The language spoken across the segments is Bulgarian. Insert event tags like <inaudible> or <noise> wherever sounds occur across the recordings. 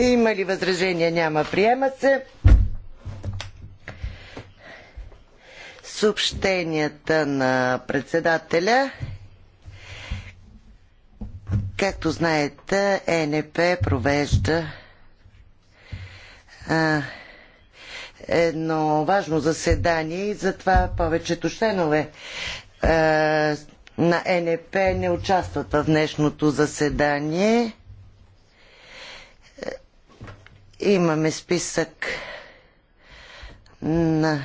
има ли възражения? Няма. Приема се. Съобщенията на председателя. Както знаете, ЕНП провежда а, едно важно заседание и затова повечето членове а, на ЕНП не участват в днешното заседание. Имаме списък на,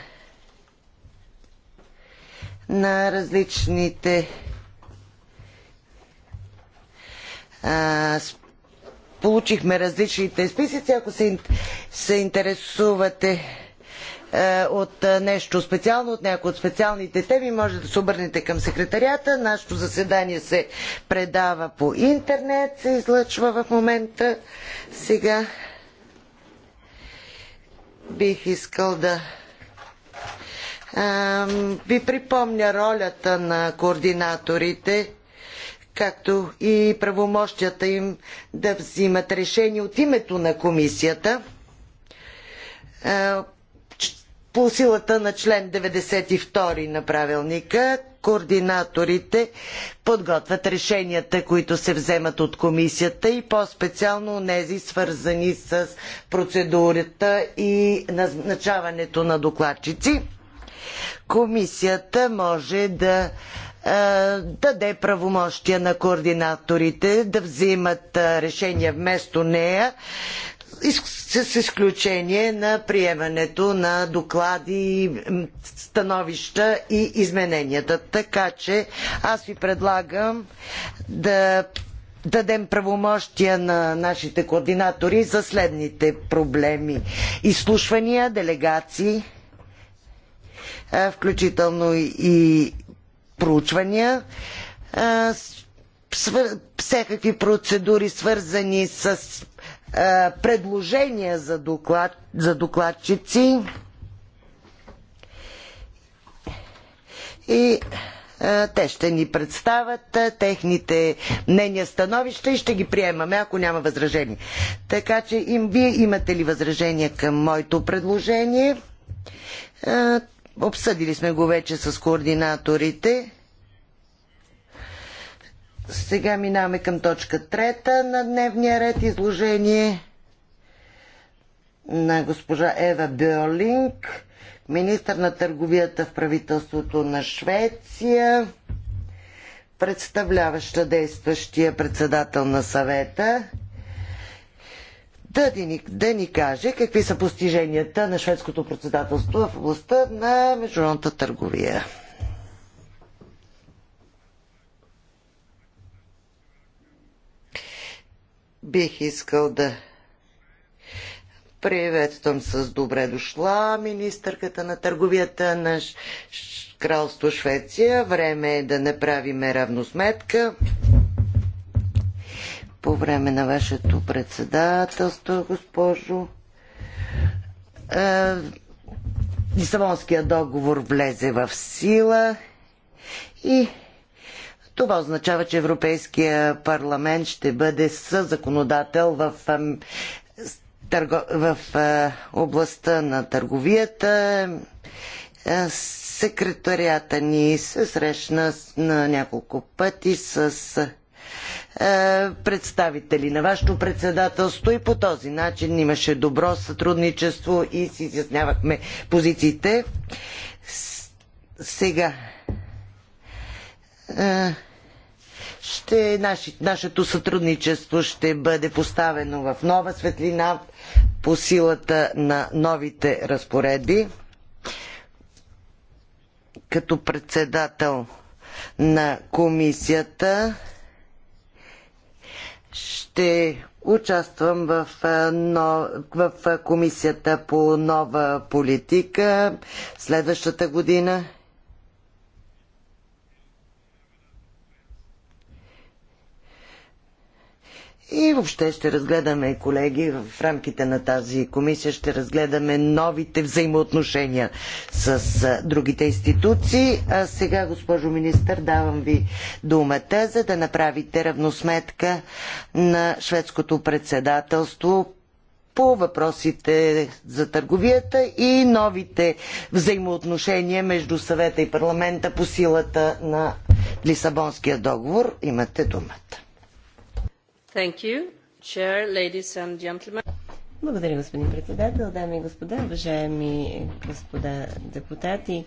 на различните а, получихме различните списъци. Ако се, се интересувате а, от нещо специално, от някои от специалните теми, може да се обърнете към секретарията. Нашето заседание се предава по интернет, се излъчва в момента. Сега бих искал да ви припомня ролята на координаторите, както и правомощията им да взимат решение от името на комисията по силата на член 92 на правилника координаторите подготвят решенията, които се вземат от комисията и по-специално нези, свързани с процедурата и назначаването на докладчици. Комисията може да даде правомощия на координаторите да взимат решения вместо нея с изключение на приемането на доклади, становища и измененията. Така че аз ви предлагам да дадем правомощия на нашите координатори за следните проблеми. Изслушвания, делегации, включително и проучвания, всякакви процедури свързани с е, предложения за, доклад, за докладчици и е, те ще ни представят е, техните мнения, становища и ще ги приемаме, ако няма възражение. Така че им, вие имате ли възражение към моето предложение? Обсъдили сме го вече с координаторите. Сега минаваме към точка трета на дневния ред изложение на госпожа Ева Берлинг, министър на търговията в правителството на Швеция, представляваща действащия председател на съвета, да ни, да ни каже какви са постиженията на шведското председателство в областта на международната търговия. бих искал да приветствам с добре дошла министърката на търговията на Кралство Швеция. Време е да направиме равносметка по време на вашето председателство, госпожо. Е, Лисабонския договор влезе в сила и това означава, че Европейския парламент ще бъде съзаконодател в в областта на търговията. Секретарията ни се срещна на няколко пъти с представители на вашето председателство и по този начин имаше добро сътрудничество и си изяснявахме позициите. Сега е, ще, наши, нашето сътрудничество ще бъде поставено в нова светлина по силата на новите разпоредби. Като председател на комисията ще участвам в, е, но, в комисията по нова политика следващата година И въобще ще разгледаме, колеги, в рамките на тази комисия ще разгледаме новите взаимоотношения с другите институции. А сега, госпожо министър, давам ви думата, за да направите равносметка на шведското председателство по въпросите за търговията и новите взаимоотношения между съвета и парламента по силата на Лисабонския договор. Имате думата. Благодаря, господин председател, дами и господа, уважаеми господа депутати.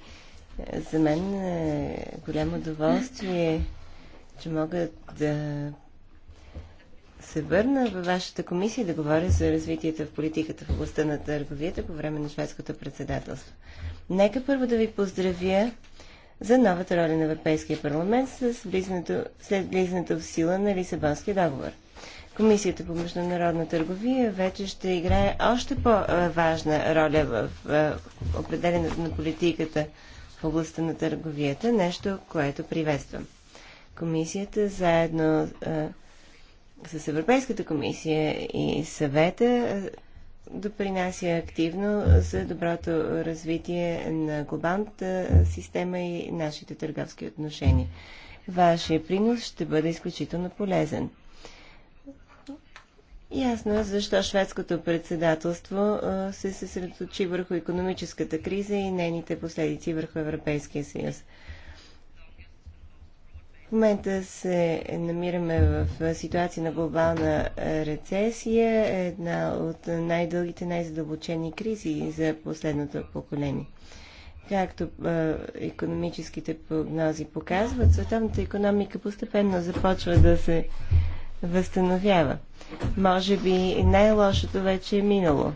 За мен е голямо удоволствие, че мога да се върна във вашата комисия да говоря за развитието в политиката в областта на търговията по време на шведското председателство. Нека първо да ви поздравя за новата роля на Европейския парламент с влизането, след влизането в сила на Лисабонския договор. Комисията по международна търговия вече ще играе още по-важна роля в определенето на политиката в областта на търговията, нещо, което приветствам. Комисията заедно с Европейската комисия и съвета допринася активно за доброто развитие на глобалната система и нашите търговски отношения. Вашия принос ще бъде изключително полезен. Ясно е защо шведското председателство се съсредоточи върху економическата криза и нейните последици върху Европейския съюз. В момента се намираме в ситуация на глобална рецесия, една от най-дългите, най-задълбочени кризи за последното поколение. Както економическите прогнози показват, световната економика постепенно започва да се възстановява. Може би най-лошото вече е минало.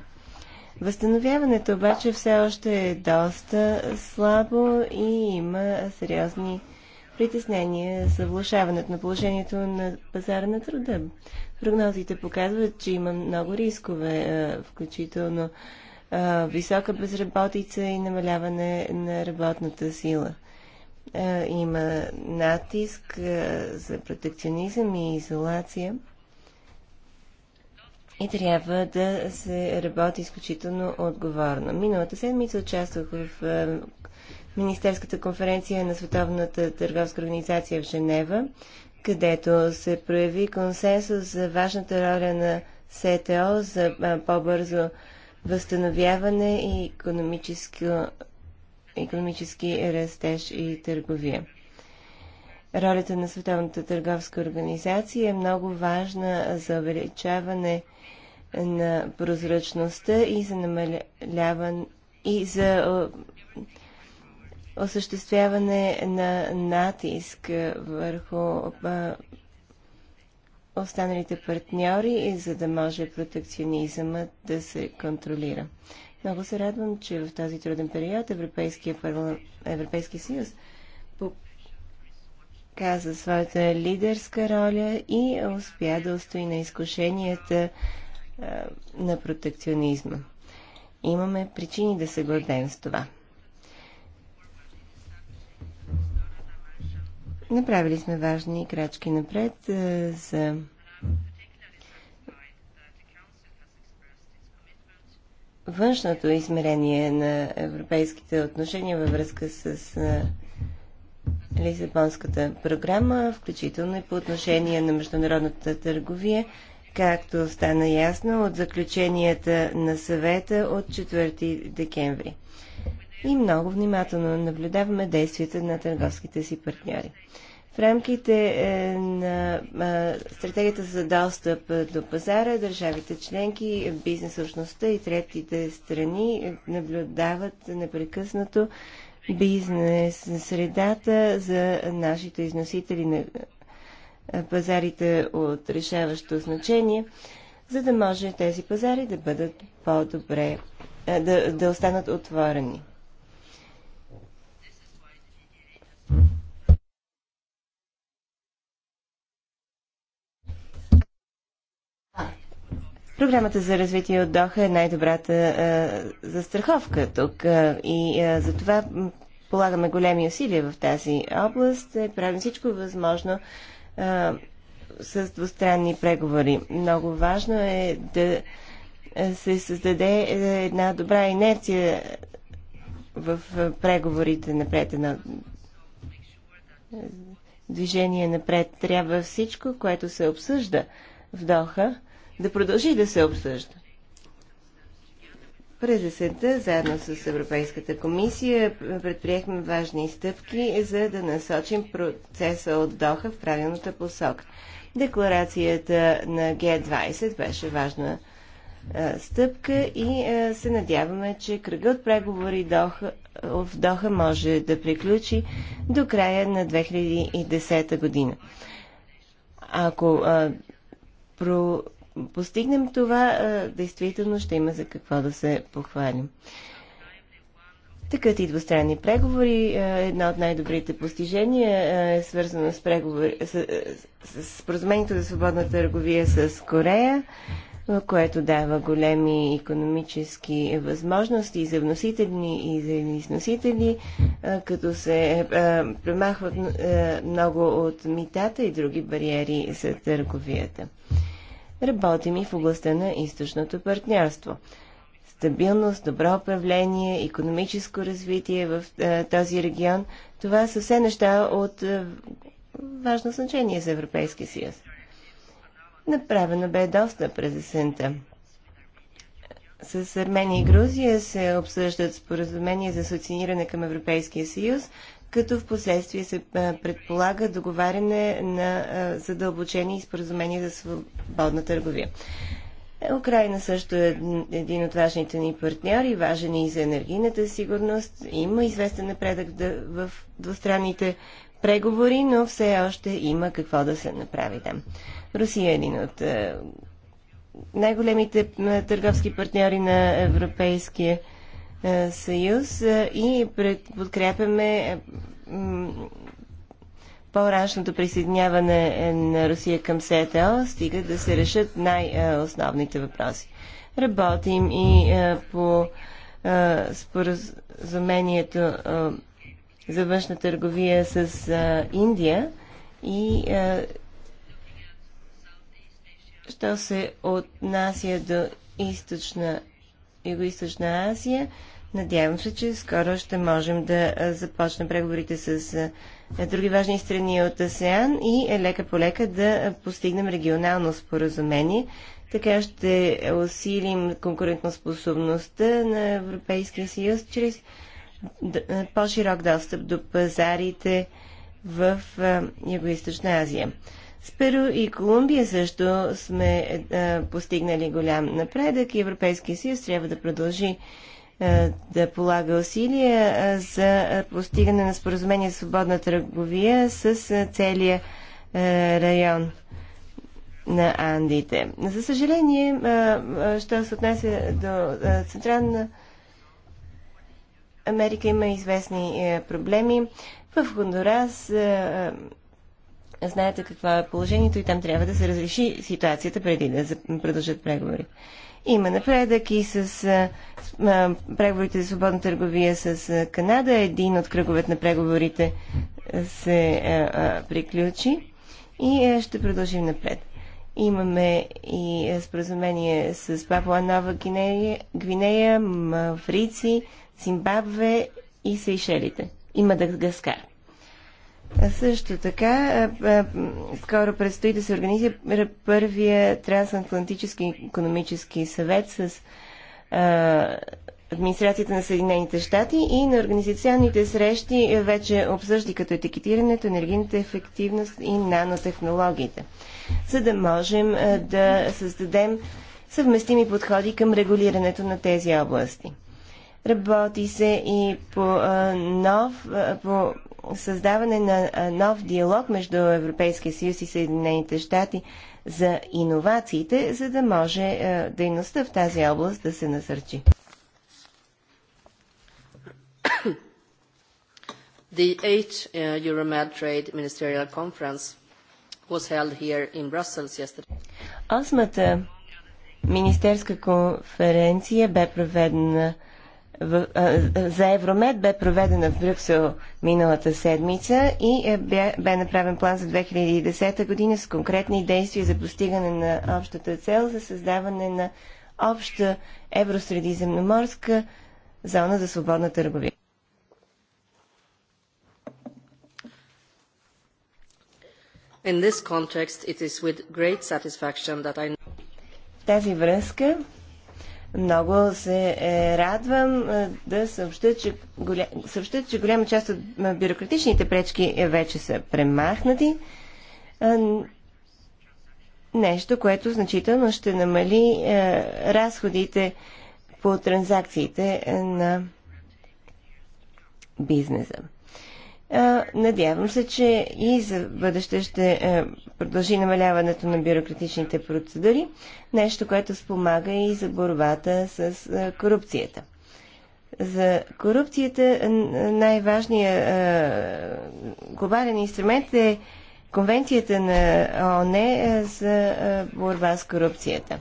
Възстановяването обаче все още е доста слабо и има сериозни притеснения за влушаването на положението на пазара на труда. Прогнозите показват, че има много рискове, включително висока безработица и намаляване на работната сила. Е, има натиск е, за протекционизъм и изолация. И трябва да се работи изключително отговорно. Миналата седмица участвах в е, Министерската конференция на Световната търговска организация в Женева, където се прояви консенсус за важната роля на СТО за по-бързо възстановяване и економическо економически растеж и търговия. Ролята на Световната търговска организация е много важна за увеличаване на прозрачността и за намаляване и за осъществяване на натиск върху останалите партньори, за да може протекционизъмът да се контролира. Много се радвам, че в този труден период Европейския, парла... Европейския съюз показа своята лидерска роля и успя да устои на изкушенията а, на протекционизма. Имаме причини да се гордеем с това. Направили сме важни крачки напред а, за външното измерение на европейските отношения във връзка с Лисабонската програма, включително и по отношение на международната търговия, както стана ясно от заключенията на съвета от 4 декември. И много внимателно наблюдаваме действията на търговските си партньори. В рамките е, на стратегията за достъп е, до пазара, държавите членки, бизнес общността и третите страни наблюдават непрекъснато бизнес средата за нашите износители на пазарите от решаващо значение, за да може тези пазари да бъдат по-добре, е, да, да останат отворени. Програмата за развитие от Доха е най-добрата а, застраховка тук а, и а, затова полагаме големи усилия в тази област. Е, правим всичко възможно а, с двустранни преговори. Много важно е да се създаде е, една добра инерция в преговорите напред на движение напред. Трябва всичко, което се обсъжда в Доха, да продължи да се обсъжда. През есента, заедно с Европейската комисия, предприехме важни стъпки, за да насочим процеса от Доха в правилната посока. Декларацията на Г-20 беше важна а, стъпка и а, се надяваме, че кръгът преговори Доха, в Доха може да приключи до края на 2010 година. Ако а, про постигнем това, действително ще има за какво да се похвалим. Такът и двустранни преговори. Една от най-добрите постижения е свързана с, преговор... с, с споразумението за свободна търговия с Корея, което дава големи економически възможности за вносители и за износители, като се премахват много от митата и други бариери за търговията. Работим и в областта на източното партньорство. Стабилност, добро управление, економическо развитие в е, този регион – това са все неща от е, важно значение за Европейския съюз. Направено бе доста през есента. С Армения и Грузия се обсъждат споразумения за асоцииране към Европейския съюз като в последствие се предполага договаряне на задълбочени и споразумения за свободна търговия. Украина също е един от важните ни партньори, важен и за енергийната сигурност. Има известен напредък в двустранните преговори, но все още има какво да се направи там. Русия е един от най-големите търговски партньори на Европейския е, съюз е, и подкрепяме е, по-рашното присъединяване на Русия към СЕТАО, стига да се решат най-основните въпроси. Работим и по споразумението за външна търговия с Индия и що се отнася до източна Юго-Источна Азия. Надявам се, че скоро ще можем да започнем преговорите с други важни страни от АСЕАН и лека по лека да постигнем регионално споразумение. Така ще усилим конкурентоспособността на Европейския съюз чрез по-широк достъп до пазарите в Юго-Источна Азия. С Перу и Колумбия също сме а, е, постигнали голям напредък и Европейския съюз трябва да продължи а, е, да полага усилия а, е, за постигане на споразумение за свободна търговия с целия район на Андите. За съжаление, що се отнася до Централна Америка, има известни проблеми. В Хондурас знаете какво е положението и там трябва да се разреши ситуацията преди да продължат преговори. Има напредък и с а, преговорите за свободна търговия с а, Канада. Един от кръговете на преговорите се а, а, приключи и а, ще продължим напред. Имаме и споразумение с Папуа Нова Гвинея, Гвинея Маврици, Зимбабве и Сейшелите. И Мадагаскар също така, скоро предстои да се организира първия трансатлантически економически съвет с администрацията на Съединените щати и на организационните срещи вече обсъжди като етикетирането, енергийната ефективност и нанотехнологиите, за да можем да създадем съвместими подходи към регулирането на тези области. Работи се и по, а, нов, а, по създаване на а, нов диалог между Европейския съюз и Съединените щати за иновациите, за да може а, дейността в тази област да се насърчи. The eighth Euromed Trade Ministerial Conference was held here in Brussels yesterday. Осмата министерска конференция бе проведена uh, за Евромед бе проведена в Брюксел миналата седмица и е, бе, бе направен план за 2010 година с конкретни действия за постигане на общата цел за създаване на обща евросредиземноморска зона за свободна търговия. In this context, it is with great satisfaction that I... В тази връзка много се е, радвам е, да съобща, че, голя... съобща, че голяма част от е, бюрократичните пречки вече са премахнати. Нещо, което значително ще намали разходите по транзакциите на бизнеса. Надявам се, че и за бъдеще ще е, продължи намаляването на бюрократичните процедури, нещо, което спомага и за борбата с е, корупцията. За корупцията най-важният е, глобален инструмент е Конвенцията на ООН за борба с корупцията.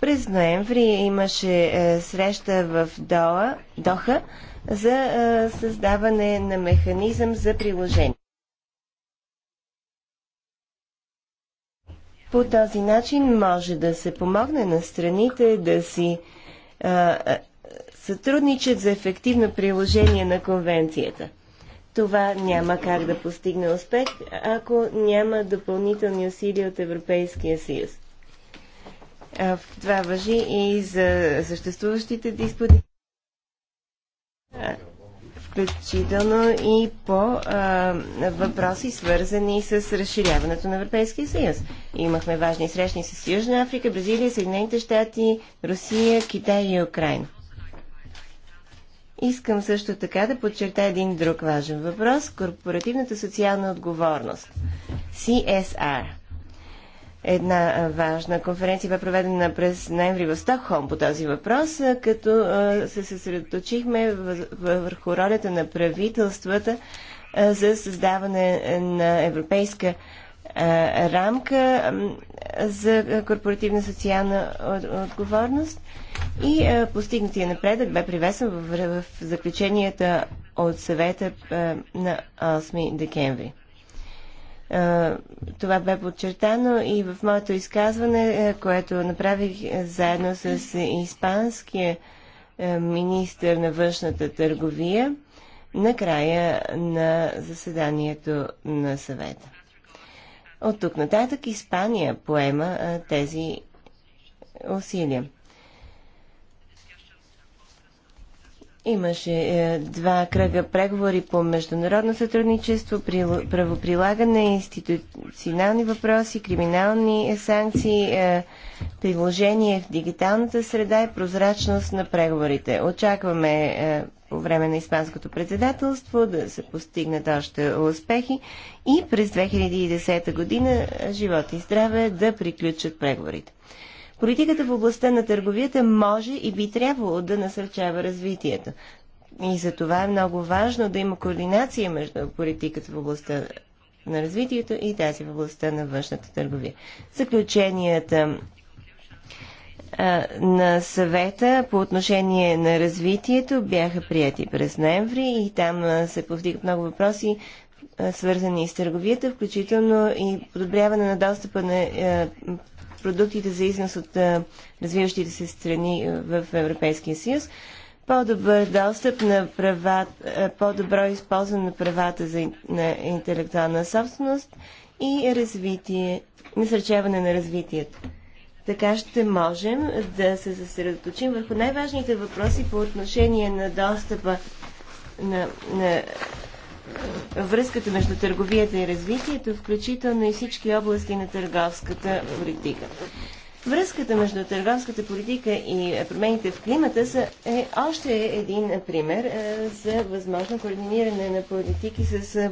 През ноември имаше среща в Дола, Доха за създаване на механизъм за приложение. По този начин може да се помогне на страните да си а, сътрудничат за ефективно приложение на конвенцията. Това няма как да постигне успех, ако няма допълнителни усилия от Европейския съюз. А, това въжи и за съществуващите диспути включително и по а, въпроси, свързани с разширяването на Европейския съюз. Имахме важни срещни с Южна Африка, Бразилия, Съединените щати, Русия, Китай и Украина. Искам също така да подчертая един друг важен въпрос – корпоративната социална отговорност – CSR – една важна конференция бе проведена през ноември в Стокхолм по този въпрос, като се съсредоточихме върху ролята на правителствата за създаване на европейска рамка за корпоративна социална отговорност и постигнатия напредък бе привесен в заключенията от съвета на 8 декември. Това бе подчертано и в моето изказване, което направих заедно с испанския министър на външната търговия на края на заседанието на съвета. От тук нататък Испания поема тези усилия. Имаше е, два кръга преговори по международно сътрудничество, правоприлагане, институционални въпроси, криминални санкции, е, приложение в дигиталната среда и прозрачност на преговорите. Очакваме е, по време на Испанското председателство да се постигнат още успехи и през 2010 година живот и здраве да приключат преговорите. Политиката в областта на търговията може и би трябвало да насърчава развитието. И за това е много важно да има координация между политиката в областта на развитието и тази в областта на външната търговия. Заключенията на съвета по отношение на развитието бяха прияти през ноември и там се повдигат много въпроси, свързани с търговията, включително и подобряване на достъпа на продуктите за износ от развиващите се страни в Европейския съюз, по-добър достъп на правата, по-добро използване на правата за, на интелектуална собственост и развитие, насърчаване на развитието. Така ще можем да се съсредоточим върху най-важните въпроси по отношение на достъпа на, на връзката между търговията и развитието, включително и всички области на търговската политика. Връзката между търговската политика и промените в климата са, е още един пример е, за възможно координиране на политики с, е,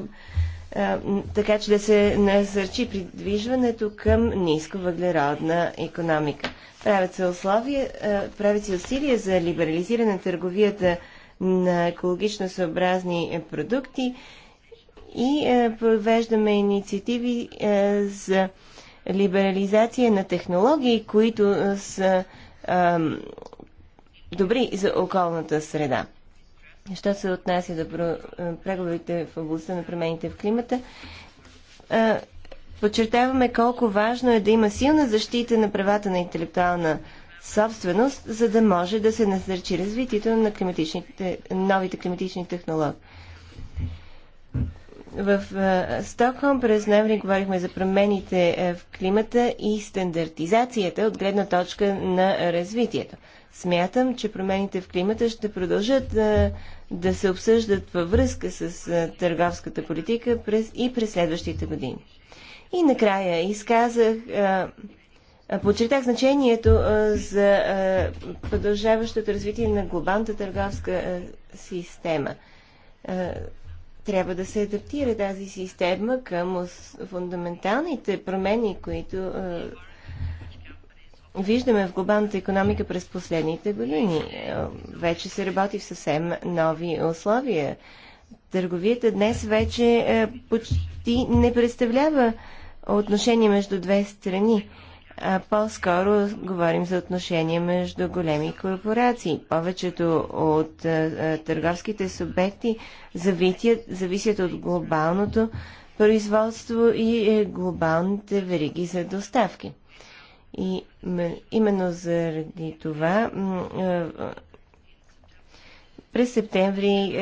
е, така че да се насърчи придвижването към ниско въглеродна економика. Правят се, условия, е, правят се усилия за либерализиране на търговията на екологично съобразни е, продукти и е, провеждаме инициативи е, за либерализация на технологии, които са добри за околната среда. Що се отнася до преговорите в областта на промените в климата, подчертаваме колко важно е да има силна защита на правата на интелектуална собственост, за да може да се насърчи развитието на климатичните, новите климатични технологии. В Стокхолм през ноември говорихме за промените в климата и стандартизацията от гледна точка на развитието. Смятам, че промените в климата ще продължат да, да се обсъждат във връзка с търговската политика през, и през следващите години. И накрая изказах а, е, подчертах значението е, за е, продължаващото развитие на глобалната търговска система. Трябва да се адаптира тази система към фундаменталните промени, които виждаме в глобалната економика през последните години. Вече се работи в съвсем нови условия. Търговията днес вече почти не представлява отношение между две страни а по-скоро говорим за отношения между големи корпорации. Повечето от търговските субекти завитят, зависят от глобалното производство и е, глобалните вериги за доставки. И именно заради това през септември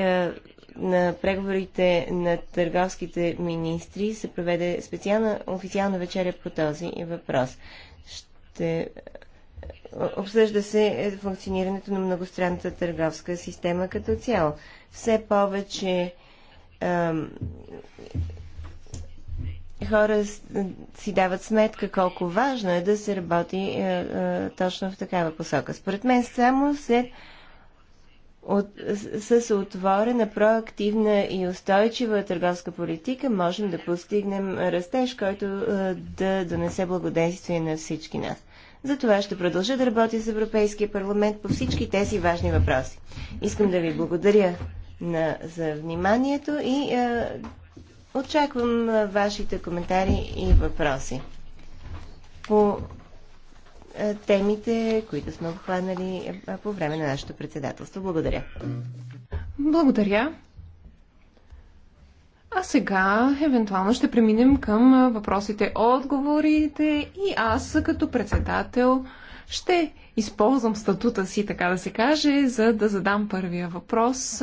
на преговорите на търговските министри се проведе специална официална вечеря по този въпрос. Ще е, обсъжда се функционирането на многостранната търговска система като цяло. Все повече ам, хора си дават сметка колко важно е да се работи а, е, а, е, точно в такава посока. Според мен само след от, с, с отворена, проактивна и устойчива търговска политика можем да постигнем растеж, който е, да донесе благодействие на всички нас. За това ще продължа да работя с Европейския парламент по всички тези важни въпроси. Искам да ви благодаря на, за вниманието и е, очаквам е, вашите коментари и въпроси. По е, темите, които сме обхванали е, е, по време на нашето председателство. Благодаря. Благодаря. А сега, евентуално, ще преминем към въпросите, отговорите и аз като председател ще използвам статута си, така да се каже, за да задам първия въпрос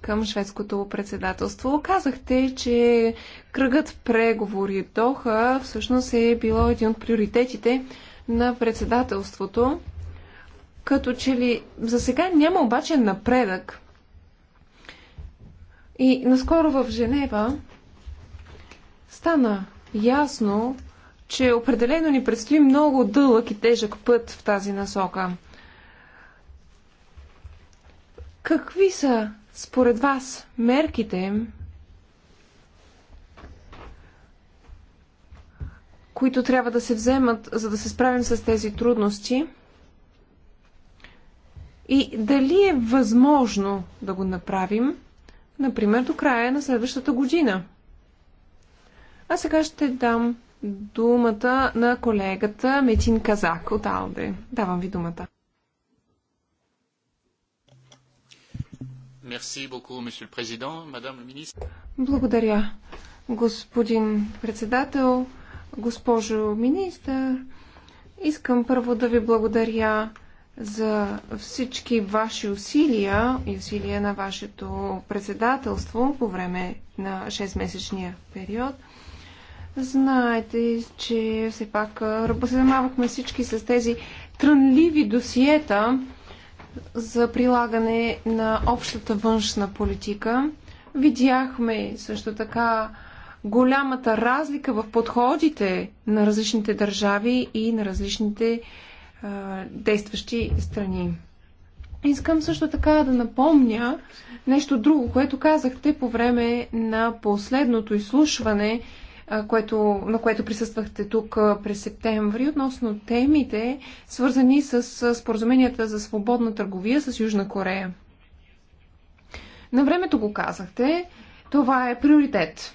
към шведското председателство. Казахте, че кръгът преговори Доха всъщност е било един от приоритетите на председателството. Като че ли за сега няма обаче напредък. И наскоро в Женева стана ясно, че определено ни предстои много дълъг и тежък път в тази насока. Какви са според вас мерките, които трябва да се вземат, за да се справим с тези трудности? И дали е възможно да го направим, например, до края на следващата година? А сега ще дам думата на колегата Метин Казак от Алде. Давам ви думата. Благодаря, господин председател, Госпожо министър, искам първо да ви благодаря за всички ваши усилия и усилия на вашето председателство по време на 6-месечния период. Знаете, че все пак занимавахме всички с тези трънливи досиета за прилагане на общата външна политика. Видяхме също така голямата разлика в подходите на различните държави и на различните а, действащи страни. Искам също така да напомня нещо друго, което казахте по време на последното изслушване, което, на което присъствахте тук през септември, относно темите, свързани с споразуменията за свободна търговия с Южна Корея. На времето го казахте, това е приоритет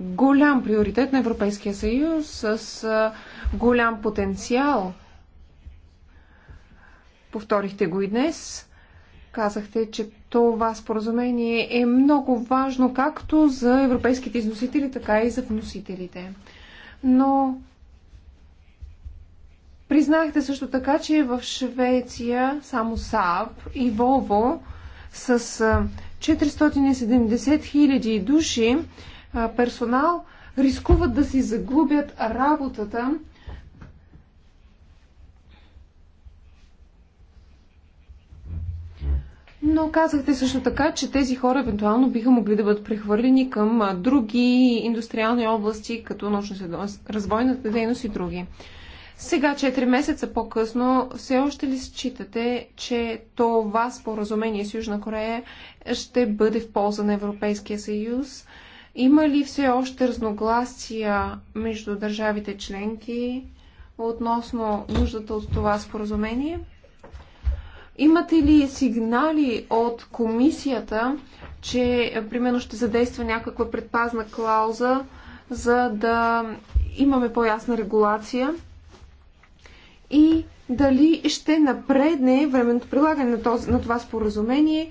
голям приоритет на Европейския съюз с голям потенциал. Повторихте го и днес. Казахте, че това споразумение е много важно както за европейските износители, така и за вносителите. Но признахте също така, че в Швеция само САП и Вово с 470 000 души персонал рискуват да си загубят работата. Но казахте също така, че тези хора евентуално биха могли да бъдат прехвърлени към други индустриални области, като научно-развойната дейност и други. Сега, 4 месеца по-късно, все още ли считате, че това споразумение с Южна Корея ще бъде в полза на Европейския съюз има ли все още разногласия между държавите членки относно нуждата от това споразумение? Имате ли сигнали от комисията, че примерно ще задейства някаква предпазна клауза, за да имаме по-ясна регулация? И дали ще напредне временното прилагане на, този, на това споразумение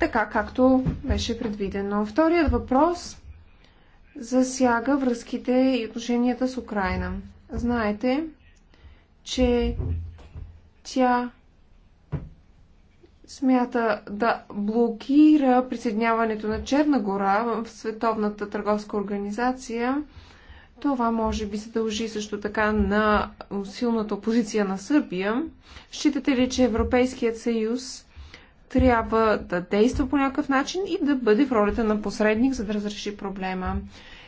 така както беше предвидено. Вторият въпрос засяга връзките и отношенията с Украина. Знаете, че тя смята да блокира присъединяването на Черна гора в Световната търговска организация. Това може би се дължи също така на силната опозиция на Сърбия. Считате ли, че Европейският съюз трябва да действа по някакъв начин и да бъде в ролята на посредник, за да разреши проблема.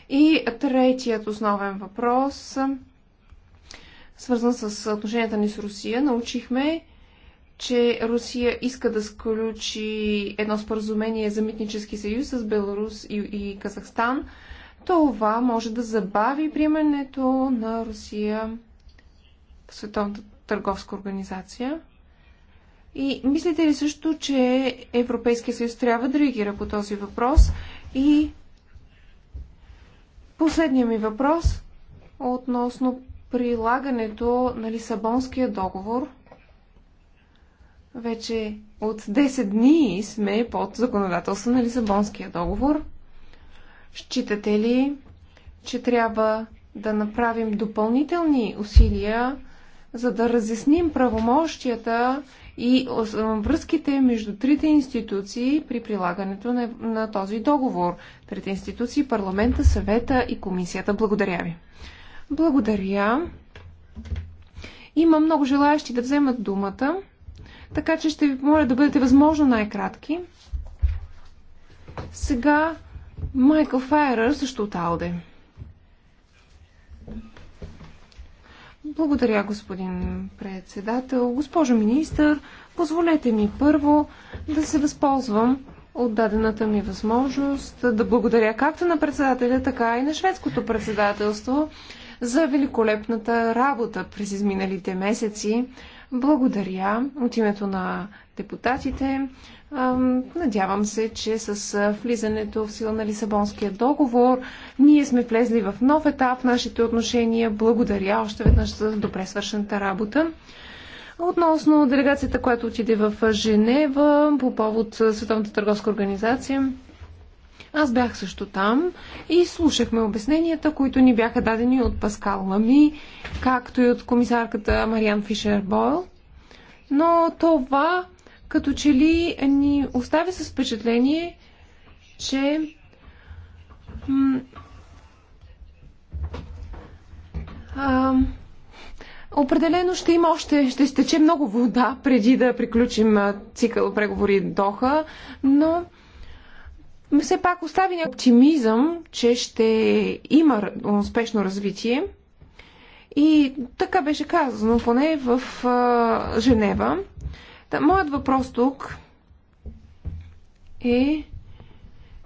И третият основен въпрос, свързан с отношенията ни с Русия, научихме, че Русия иска да сключи едно споразумение за митнически съюз с Беларус и, и Казахстан. Това може да забави приемането на Русия в Световната търговска организация. И мислите ли също, че Европейския съюз трябва да реагира по този въпрос? И последният ми въпрос относно прилагането на Лисабонския договор. Вече от 10 дни сме под законодателство на Лисабонския договор. Считате ли, че трябва да направим допълнителни усилия, за да разясним правомощията и връзките между трите институции при прилагането на, на този договор. Трите институции, парламента, съвета и комисията. Благодаря ви. Благодаря. Има много желаящи да вземат думата, така че ще ви помоля да бъдете възможно най-кратки. Сега Майкъл Файерър също от Алде. Благодаря, господин председател. Госпожо министър, позволете ми първо да се възползвам от дадената ми възможност да благодаря както на председателя, така и на шведското председателство за великолепната работа през изминалите месеци. Благодаря от името на депутатите, Надявам се, че с влизането в сила на Лисабонския договор ние сме влезли в нов етап в нашите отношения. Благодаря още веднъж за добре свършената работа. Относно делегацията, която отиде в Женева по повод Световната търговска организация, аз бях също там и слушахме обясненията, които ни бяха дадени от Паскал Лами, както и от комисарката Мариан Фишер Бойл. Но това като че ли ни оставя с впечатление, че а, определено ще има още, ще стече много вода преди да приключим цикъл преговори Доха, но все пак остави някакъв оптимизъм, че ще има успешно развитие. И така беше казано, поне в а, Женева. Та, моят въпрос тук е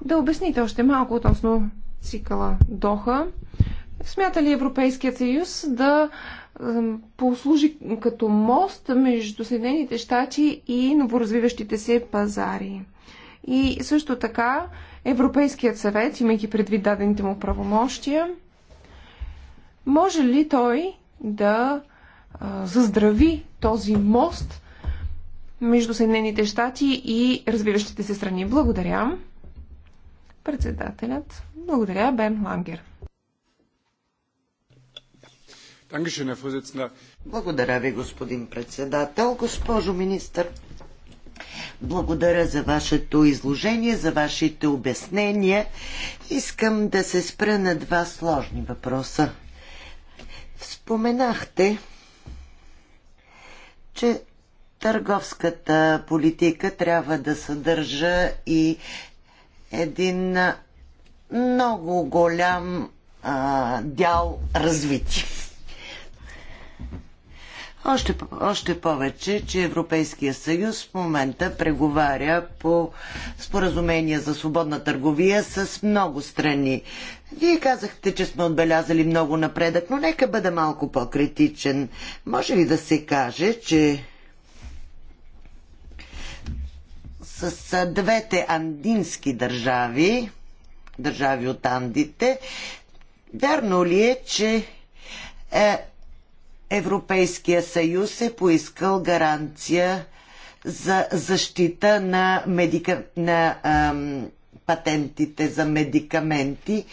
да обясните още малко относно цикъла Доха. Смята ли Европейският съюз да послужи като мост между Съединените щати и новоразвиващите се пазари? И също така Европейският съвет, имайки предвид дадените му правомощия, може ли той да заздрави този мост между Съединените щати и развиващите се страни. Благодаря. Председателят. Благодаря, Берн Лангер. Благодаря ви, господин председател. Госпожо министър, благодаря за вашето изложение, за вашите обяснения. Искам да се спра на два сложни въпроса. Споменахте, че търговската политика трябва да съдържа и един много голям а, дял развитие. Още, още повече, че Европейския съюз в момента преговаря по споразумения за свободна търговия с много страни. Вие казахте, че сме отбелязали много напредък, но нека бъда малко по-критичен. Може ли да се каже, че с двете андински държави, държави от Андите, вярно ли е, че е, Европейския съюз е поискал гаранция за защита на, медика... на ам, патентите за медикаменти,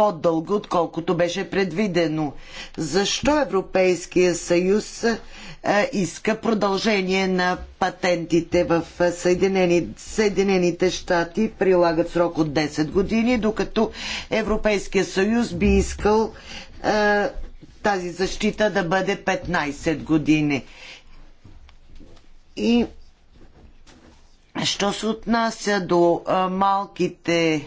по-дълго, отколкото беше предвидено. Защо Европейския съюз е, иска продължение на патентите в е, Съединени, Съединените щати, прилагат срок от 10 години, докато Европейския съюз би искал е, тази защита да бъде 15 години. И що се отнася до е, малките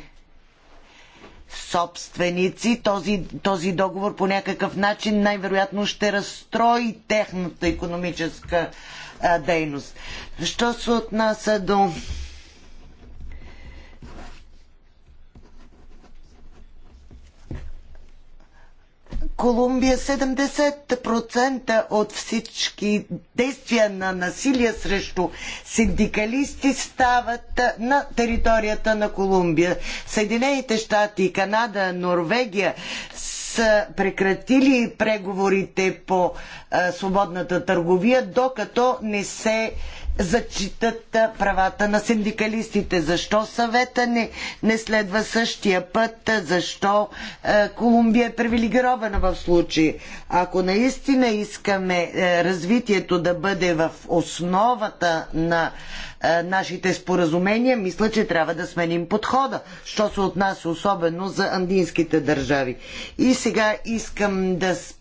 собственици. Този, този договор по някакъв начин най-вероятно ще разстрои техната економическа а, дейност. Що се отнася до Колумбия 70% от всички действия на насилие срещу синдикалисти стават на територията на Колумбия. Съединените щати, Канада, Норвегия са прекратили преговорите по а, свободната търговия, докато не се а, зачитат правата на синдикалистите? Защо съвета не, не следва същия път? Защо е, Колумбия е привилегирована в случай? Ако наистина искаме е, развитието да бъде в основата на е, нашите споразумения, мисля, че трябва да сменим подхода, що се отнася особено за андинските държави. И сега искам да спомена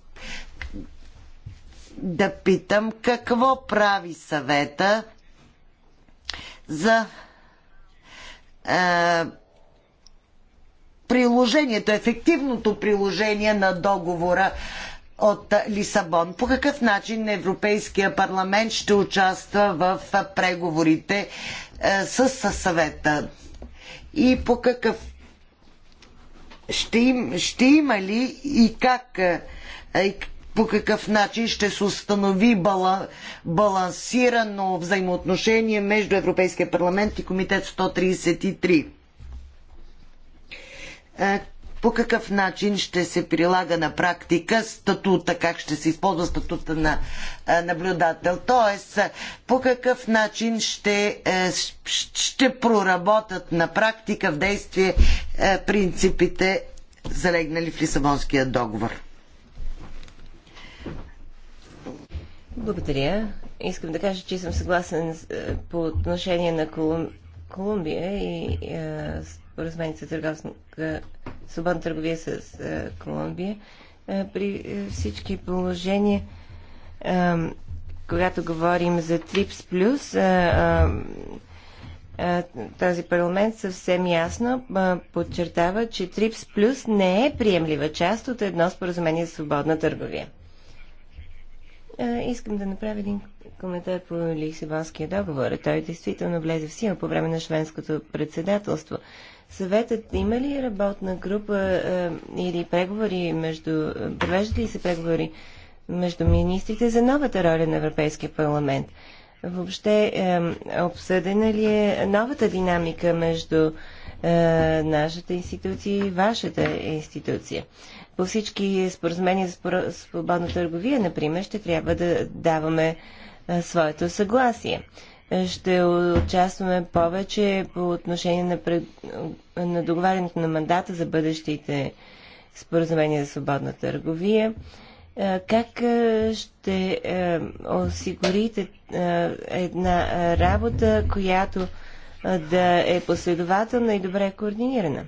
да питам какво прави съвета за е, приложението, ефективното приложение на договора от Лисабон. По какъв начин Европейския парламент ще участва в преговорите е, с съвета? И по какъв ще, им, ще има ли и как е, и по какъв начин ще се установи балансирано взаимоотношение между Европейския парламент и Комитет 133. Е, по какъв начин ще се прилага на практика статута, как ще се използва статута на е, наблюдател, т.е. по какъв начин ще, е, ще проработят на практика в действие принципите, залегнали в Лисабонския договор. Благодаря. Искам да кажа, че съм съгласен е, по отношение на Колум... Колумбия и е, споразумението за търговска... Е, свободна търговия с Колумбия. При всички положения, когато говорим за ТРИПС плюс, този парламент съвсем ясно подчертава, че ТРИПС плюс не е приемлива част от едно споразумение за свободна търговия. Искам да направя един коментар по Лисибанския договор. Той действително влезе в сила по време на швенското председателство. Съветът има ли работна група а, или преговори между... Провеждат ли се преговори между министрите за новата роля на Европейския парламент? Въобще е, обсъдена ли е новата динамика между е, нашата институция и вашата институция? По всички споразумения за свободна търговия, например, ще трябва да даваме своето съгласие. Е, ще участваме повече по отношение на, пред... на договарянето на мандата за бъдещите споразумения за свободна търговия. Е, как е, ще осигурите една работа, която да е последователна и добре координирана?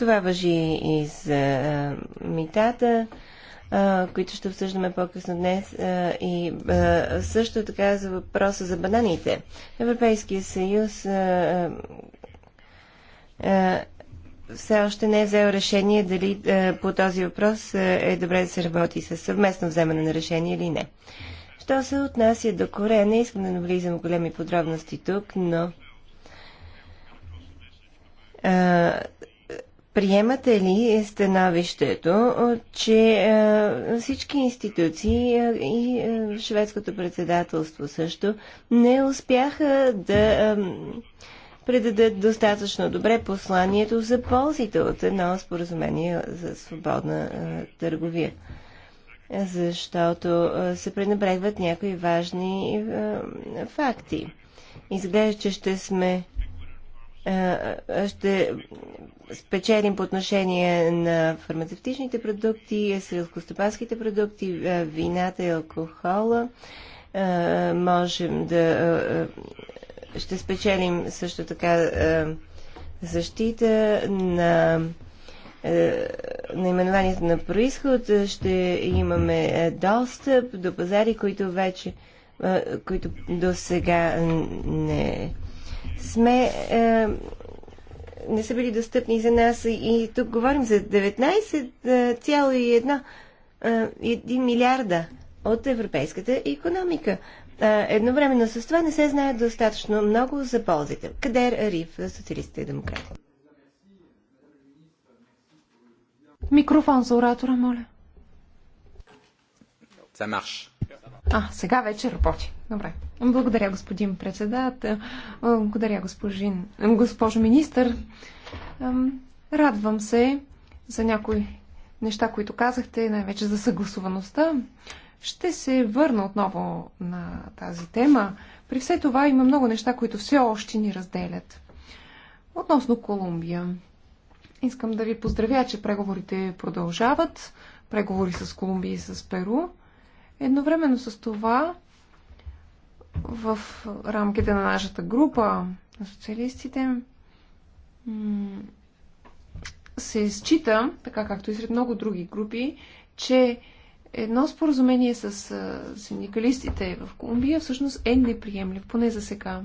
Това въжи и за митата, които ще обсъждаме по-късно днес, и също така за въпроса за бананите. Европейския съюз все още не е взел решение дали по този въпрос е добре да се работи с съвместно вземане на решение или не. Що се отнася до Корея, не искам да навлизам в големи подробности тук, но Приемате ли становището, че е, всички институции е, и е, шведското председателство също не успяха да предадат достатъчно добре посланието за ползите от едно споразумение за свободна търговия? Защото се пренебрегват някои важни факти. Изглежда, че ще сме е, ще спечелим по отношение на фармацевтичните продукти, селскостопанските продукти, е, вината и алкохола. Е, можем да ще спечелим също така защита на наименованието на происход. Ще имаме достъп до пазари, които вече които до сега не сме е, не са били достъпни за нас. И тук говорим за 19,1 е, милиарда от европейската економика. Е, едновременно с това не се знае достатъчно много за ползите. Къде е Риф, социалистите и демократи? Микрофон за оратора, моля. А, сега вече работи. Добре. Благодаря, господин председател. Благодаря, госпожин, госпожо министър. Радвам се за някои неща, които казахте, най-вече за съгласуваността. Ще се върна отново на тази тема. При все това има много неща, които все още ни разделят. Относно Колумбия. Искам да ви поздравя, че преговорите продължават. Преговори с Колумбия и с Перу. Едновременно с това в рамките на нашата група, на социалистите, се счита, така както и сред много други групи, че едно споразумение с синдикалистите в Колумбия всъщност е неприемлив, поне за сега.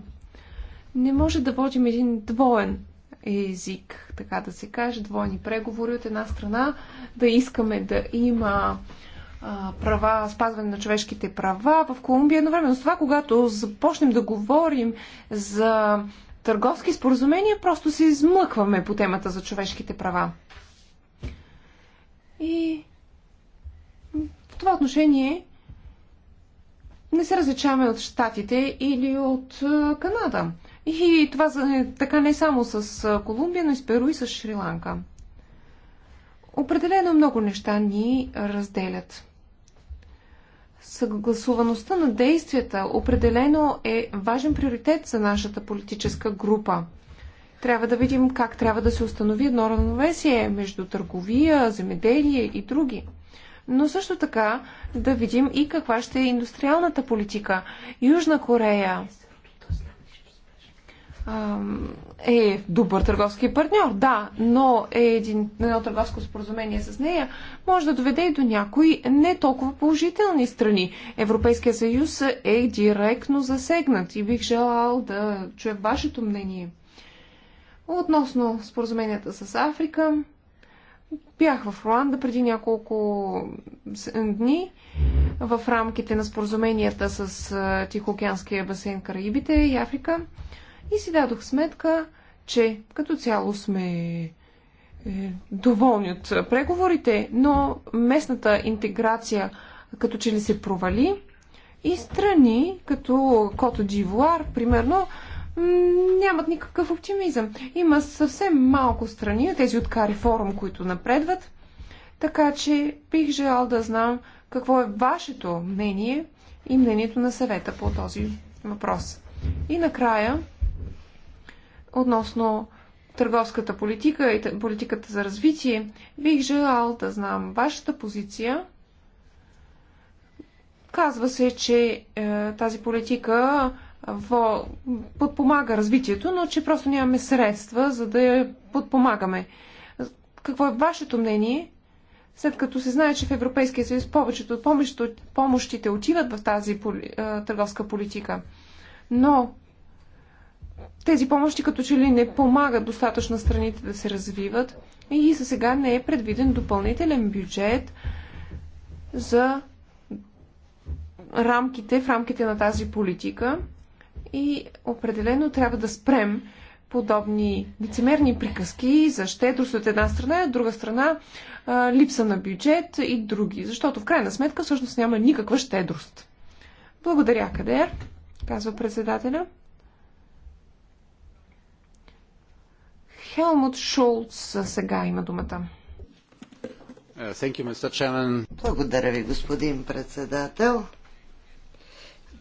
Не може да водим един двоен език, така да се каже, двойни преговори от една страна, да искаме да има права, спазване на човешките права в Колумбия. Едновременно с това, когато започнем да говорим за търговски споразумения, просто се измъкваме по темата за човешките права. И в това отношение не се различаваме от Штатите или от Канада. И това така не само с Колумбия, но и с Перу и с Шри-Ланка. Определено много неща ни разделят съгласуваността на действията определено е важен приоритет за нашата политическа група. Трябва да видим как трябва да се установи едно равновесие между търговия, земеделие и други. Но също така да видим и каква ще е индустриалната политика. Южна Корея, е добър търговски партньор, да, но е един, едно търговско споразумение с нея може да доведе и до някои не толкова положителни страни. Европейския съюз е директно засегнат и бих желал да чуя вашето мнение. Относно споразуменията с Африка, бях в Руанда преди няколко дни в рамките на споразуменията с Тихоокеанския басейн Караибите и Африка и си дадох сметка, че като цяло сме е, доволни от преговорите, но местната интеграция като че ли се провали и страни като Кото Дивуар, примерно, нямат никакъв оптимизъм. Има съвсем малко страни, тези от Кари Форум, които напредват, така че бих желал да знам какво е вашето мнение и мнението на съвета по този въпрос. И накрая, относно търговската политика и политиката за развитие, бих желал да знам вашата позиция. Казва се, че е, тази политика во, подпомага развитието, но че просто нямаме средства, за да я подпомагаме. Какво е вашето мнение, след като се знае, че в Европейския съюз повечето от помощите отиват в тази е, търговска политика? Но тези помощи като че ли не помагат достатъчно страните да се развиват и за сега не е предвиден допълнителен бюджет за рамките, в рамките на тази политика и определено трябва да спрем подобни лицемерни приказки за щедрост от една страна, от друга страна липса на бюджет и други. Защото в крайна сметка всъщност няма никаква щедрост. Благодаря, Кадер, казва председателя. Хелмут Шолц сега има думата. Uh, Благодаря ви, господин председател.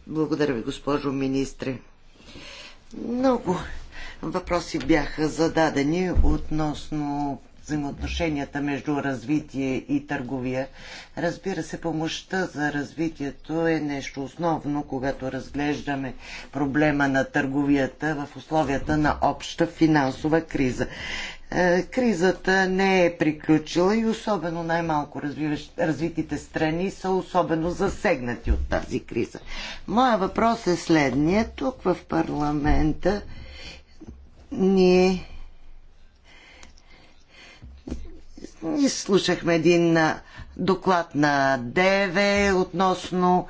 Благодаря ви, госпожо министре. Много въпроси бяха зададени относно взаимоотношенията между развитие и търговия. Разбира се, помощта за развитието е нещо основно, когато разглеждаме проблема на търговията в условията на обща финансова криза. Е, кризата не е приключила и особено най-малко развитите страни са особено засегнати от тази криза. Моя въпрос е следния. Тук в парламента ние Изслушахме един доклад на ДВ относно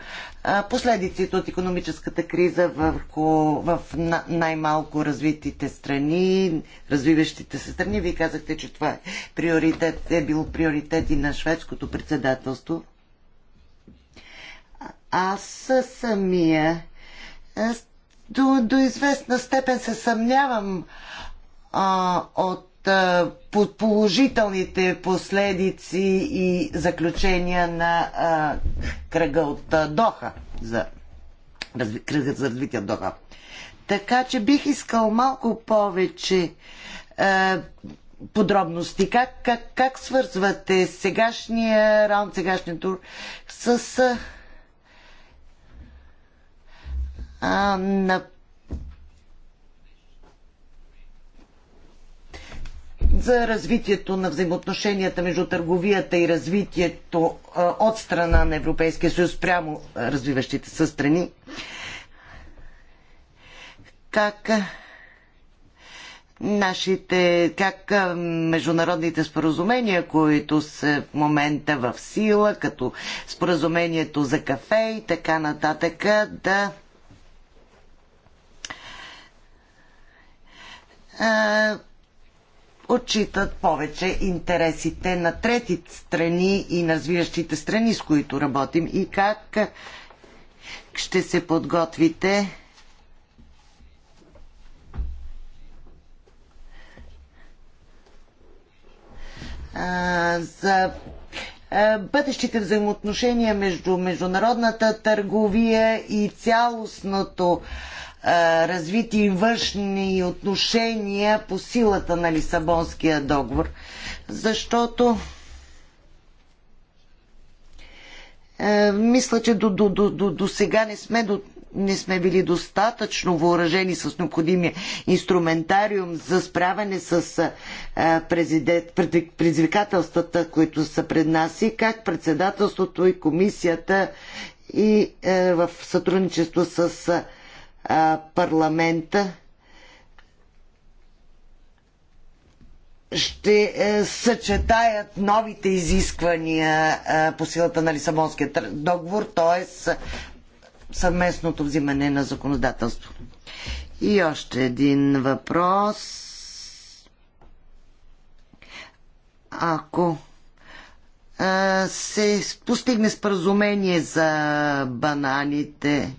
последиците от економическата криза върху, в най-малко развитите страни, развиващите се страни. Вие казахте, че това е, приоритет, е бил приоритет и на шведското председателство. Аз самия до, до известна степен се съмнявам а, от положителните последици и заключения на а, кръга от а, Доха за кръга за развитие от Доха. Така че бих искал малко повече а, подробности. Как, как, как свързвате сегашния раунд, сегашния тур с а, на за развитието на взаимоотношенията между търговията и развитието от страна на Европейския съюз прямо развиващите се страни. Как нашите, как международните споразумения, които са в момента в сила, като споразумението за кафе и така нататък, да отчитат повече интересите на трети страни и на развиващите страни, с които работим и как ще се подготвите за бъдещите взаимоотношения между международната търговия и цялостното развити външни отношения по силата на Лисабонския договор, защото мисля, че до, до, до, до, сега не сме, до, не сме били достатъчно въоръжени с необходимия инструментариум за справяне с предизвикателствата, които са пред нас и как председателството и комисията и е, в сътрудничество с е, парламента ще е, съчетаят новите изисквания е, по силата на Лисабонския договор, т.е. съвместното взимане на законодателство. И още един въпрос. Ако е, се постигне споразумение за бананите,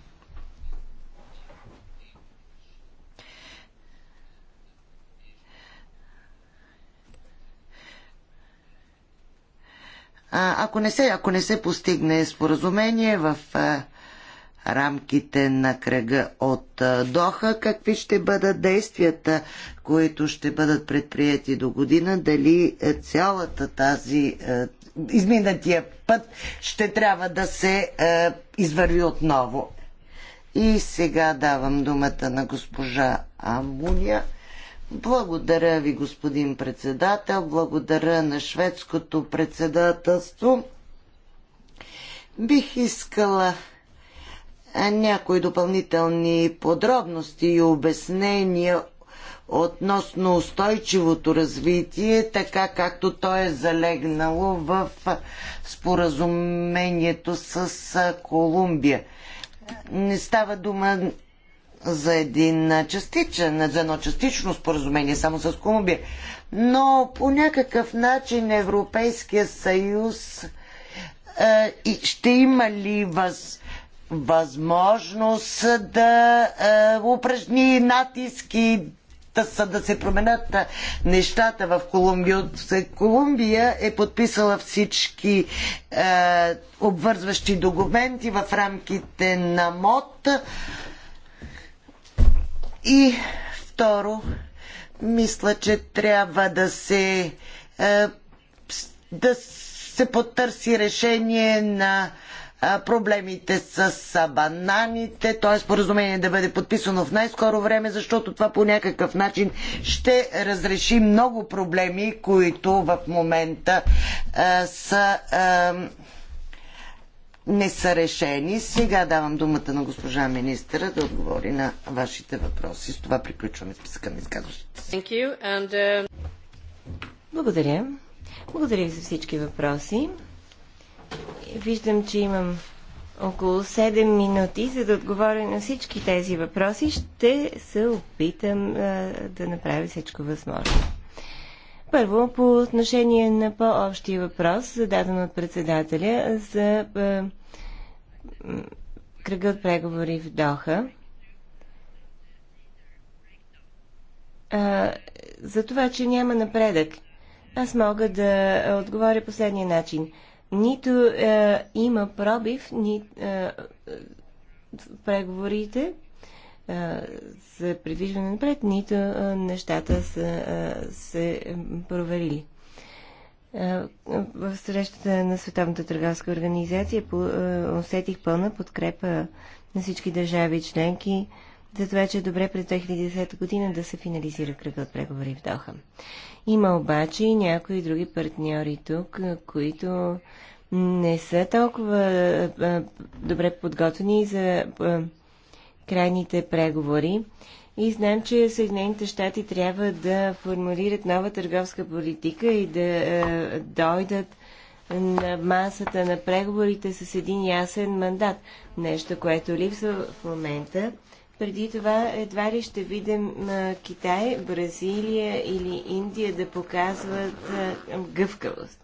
ако не се, ако не се постигне споразумение в рамките на кръга от Доха, какви ще бъдат действията, които ще бъдат предприяти до година, дали е, цялата тази е, изминатия път ще трябва да се е, извърви отново. И сега давам думата на госпожа Амуния благодаря ви, господин председател. Благодаря на шведското председателство. Бих искала някои допълнителни подробности и обяснения относно устойчивото развитие, така както то е залегнало в споразумението с Колумбия. Не става дума за един частичен, за едно частично споразумение само с Колумбия. Но по някакъв начин Европейския съюз е, ще има ли въз, възможност да е, упражни натиски са да се променят е, нещата в Колумбия. Колумбия е подписала всички е, обвързващи документи в рамките на МОД. И второ, мисля, че трябва да се е, да се потърси решение на е, проблемите с е, бананите, т.е. споразумение да бъде подписано в най-скоро време, защото това по някакъв начин ще разреши много проблеми, които в момента са а, не са решени. Сега давам думата на госпожа министъра да отговори на вашите въпроси. С това приключваме списъка на изказващите си. Uh... Благодаря. Благодаря ви за всички въпроси. Виждам, че имам около 7 минути, за да отговоря на всички тези въпроси. Ще се опитам а, да направя всичко възможно. Първо, по отношение на по-общия въпрос, зададен от председателя за кръга от преговори в Доха. А, за това, че няма напредък, аз мога да отговоря последния начин. Нито а, има пробив ни, а, в преговорите, за предвижда напред, нито нещата са се проверили. В срещата на Световната търговска организация усетих пълна подкрепа на всички държави и членки за това, че е добре през 2010 година да се финализира кръга от преговори в Доха. Има обаче и някои други партньори тук, които не са толкова добре подготвени за крайните преговори. И знам, че Съединените щати трябва да формулират нова търговска политика и да е, дойдат на масата на преговорите с един ясен мандат. Нещо, което липсва в момента. Преди това едва ли ще видим е, Китай, Бразилия или Индия да показват е, гъвкавост.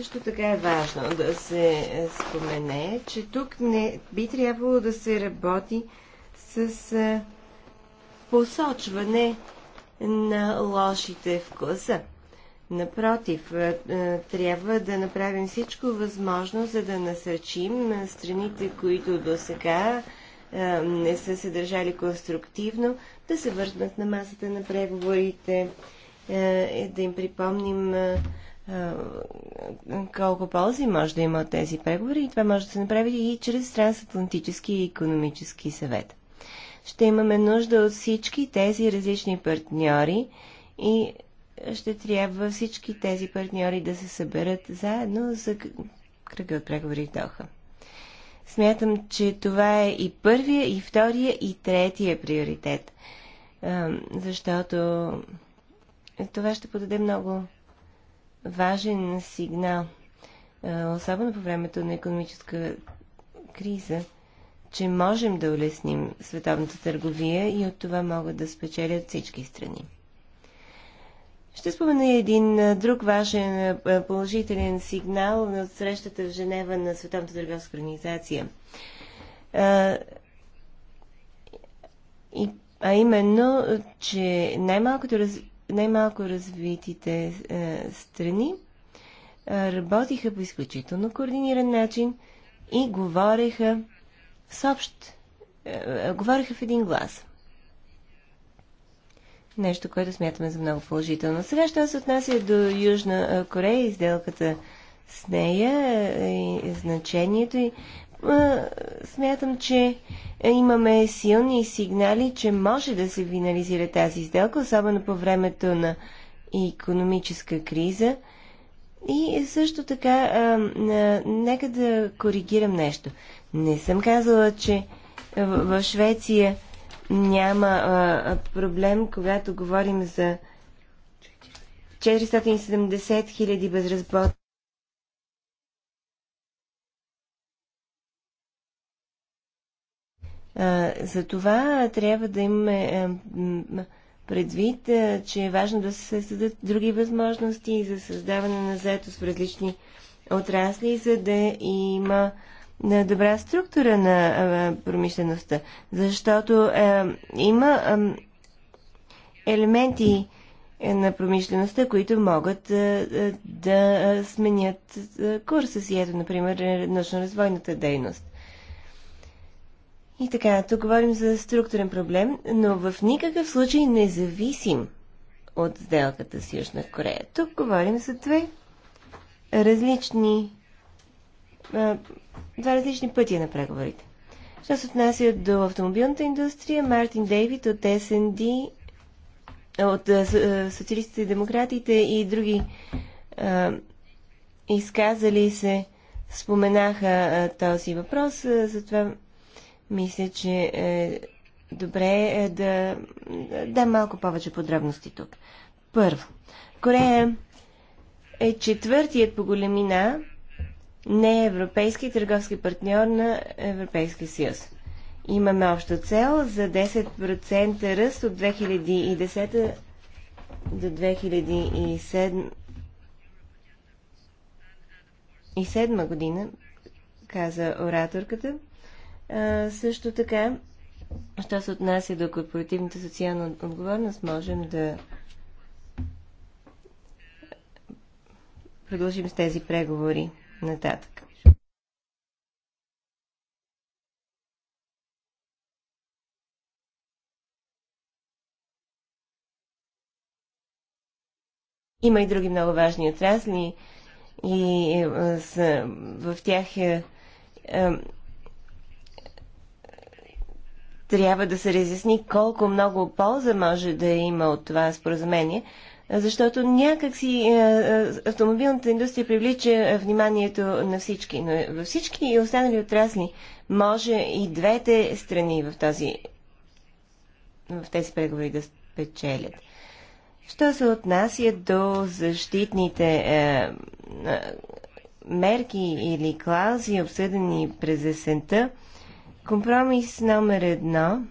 Също така е важно да се спомене, че тук не би трябвало да се работи с посочване на лошите в класа. Напротив, трябва да направим всичко възможно, за да насърчим страните, които до сега не са се държали конструктивно, да се върнат на масата на преговорите, да им припомним колко е, е, ползи може да има от тези преговори и това може да се направи и чрез Трансатлантически и економически съвет. Ще имаме нужда от всички тези различни партньори и ще трябва всички тези партньори да се съберат заедно за кръга от преговори в Доха. Смятам, че това е и първия, и втория, и третия приоритет, защото това ще подаде много важен сигнал, особено по времето на економическа криза, че можем да улесним световната търговия и от това могат да спечелят всички страни. Ще спомена един друг важен положителен сигнал на срещата в Женева на Световната търговска организация. А именно, че най-малкото най-малко развитите е, страни е, работиха по изключително координиран начин и говореха с общ, е, е говореха в един глас. Нещо, което смятаме за много положително. Сега, ще се отнася до Южна Корея и сделката с нея е, и значението и смятам, че имаме силни сигнали, че може да се финализира тази сделка, особено по времето на економическа криза. И също така, нека да коригирам нещо. Не съм казала, че в, Швеция няма проблем, когато говорим за 470 хиляди безразботни. За това трябва да имаме предвид, че е важно да се създадат други възможности за създаване на заетост в различни отрасли, за да има на добра структура на промишлеността, защото има елементи е, на промишлеността, които могат да сменят курса си. Ето, например, е, научно-развойната дейност. И така, тук говорим за структурен проблем, но в никакъв случай не зависим от сделката с Южна Корея. Тук говорим за две различни два различни пътя на преговорите. Що се отнася до автомобилната индустрия, Мартин Дейвид от СНД, от социалистите и демократите и други а, изказали се споменаха а, този въпрос, а, затова мисля, че е добре е да дам малко повече подробности тук. Първо, Корея е четвъртият по големина не европейски търговски партньор на Европейския съюз. Имаме обща цел за 10% ръст от 2010 до 2007 и седма година, каза ораторката също така, що се отнася до корпоративната социална отговорност, можем да продължим с тези преговори нататък. Има и други много важни отрасли и е, в тях е, е, трябва да се разясни колко много полза може да има от това споразумение, защото някакси е, е, автомобилната индустрия привлича вниманието на всички, но във всички останали отрасли може и двете страни в, този, в тези преговори да спечелят. Що се отнася до защитните е, е, мерки или клаузи, обсъдени през есента, е, Компромис номер едно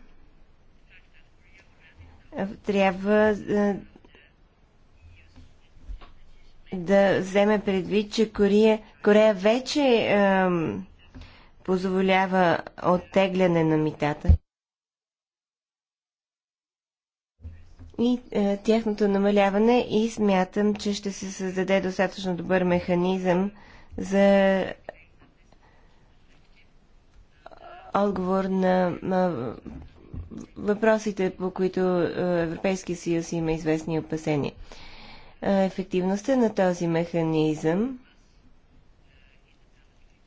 трябва да, е, да вземе предвид, че Корея, Корея вече е, позволява оттегляне на митата. И е, тяхното намаляване и смятам, че ще се създаде достатъчно добър механизъм за отговор на, въпросите, по които е, Европейския съюз има известни опасения. Е, ефективността на този механизъм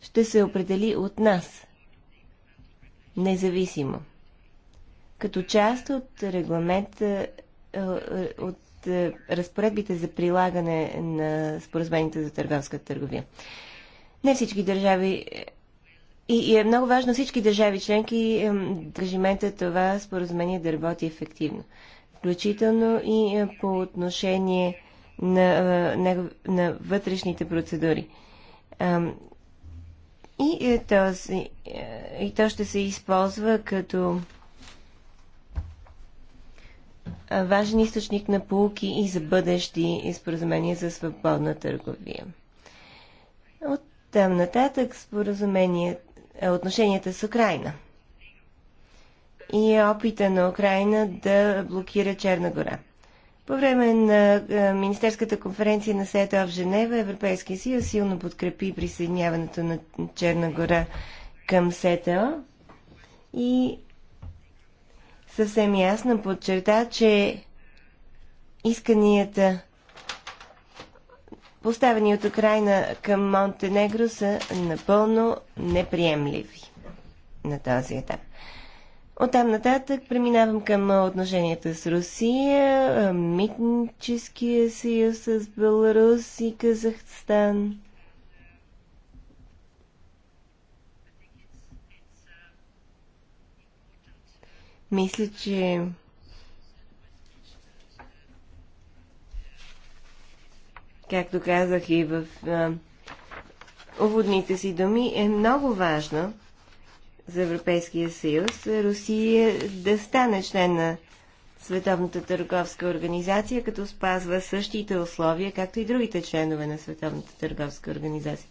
ще се определи от нас, независимо, като част от регламента, е, от разпоредбите за прилагане на споразумението за търговска търговия. Не всички държави и, и е много важно всички държави членки ангажимента това споразумение да работи ефективно. Включително и е, по отношение на, е, на, на вътрешните процедури. И, е, то, и то ще се използва като важен източник на полуки и за бъдещи споразумения за свободна търговия. От там нататък споразумението. Е, отношенията с Украина и е опита на Украина да блокира Черна гора. По време на е, Министерската конференция на СЕТО в Женева Европейския съюз силно подкрепи присъединяването на Черна гора към СЕТО и съвсем ясно подчерта, че исканията поставени от Украина към Монтенегро, са напълно неприемливи на този етап. Оттам нататък преминавам към отношенията с Русия, митническия съюз с Беларус и Казахстан. Мисля, че както казах и в уводните си думи, е много важно за Европейския съюз е, Русия да стане член на Световната търговска организация, като спазва същите условия, както и другите членове на Световната търговска организация.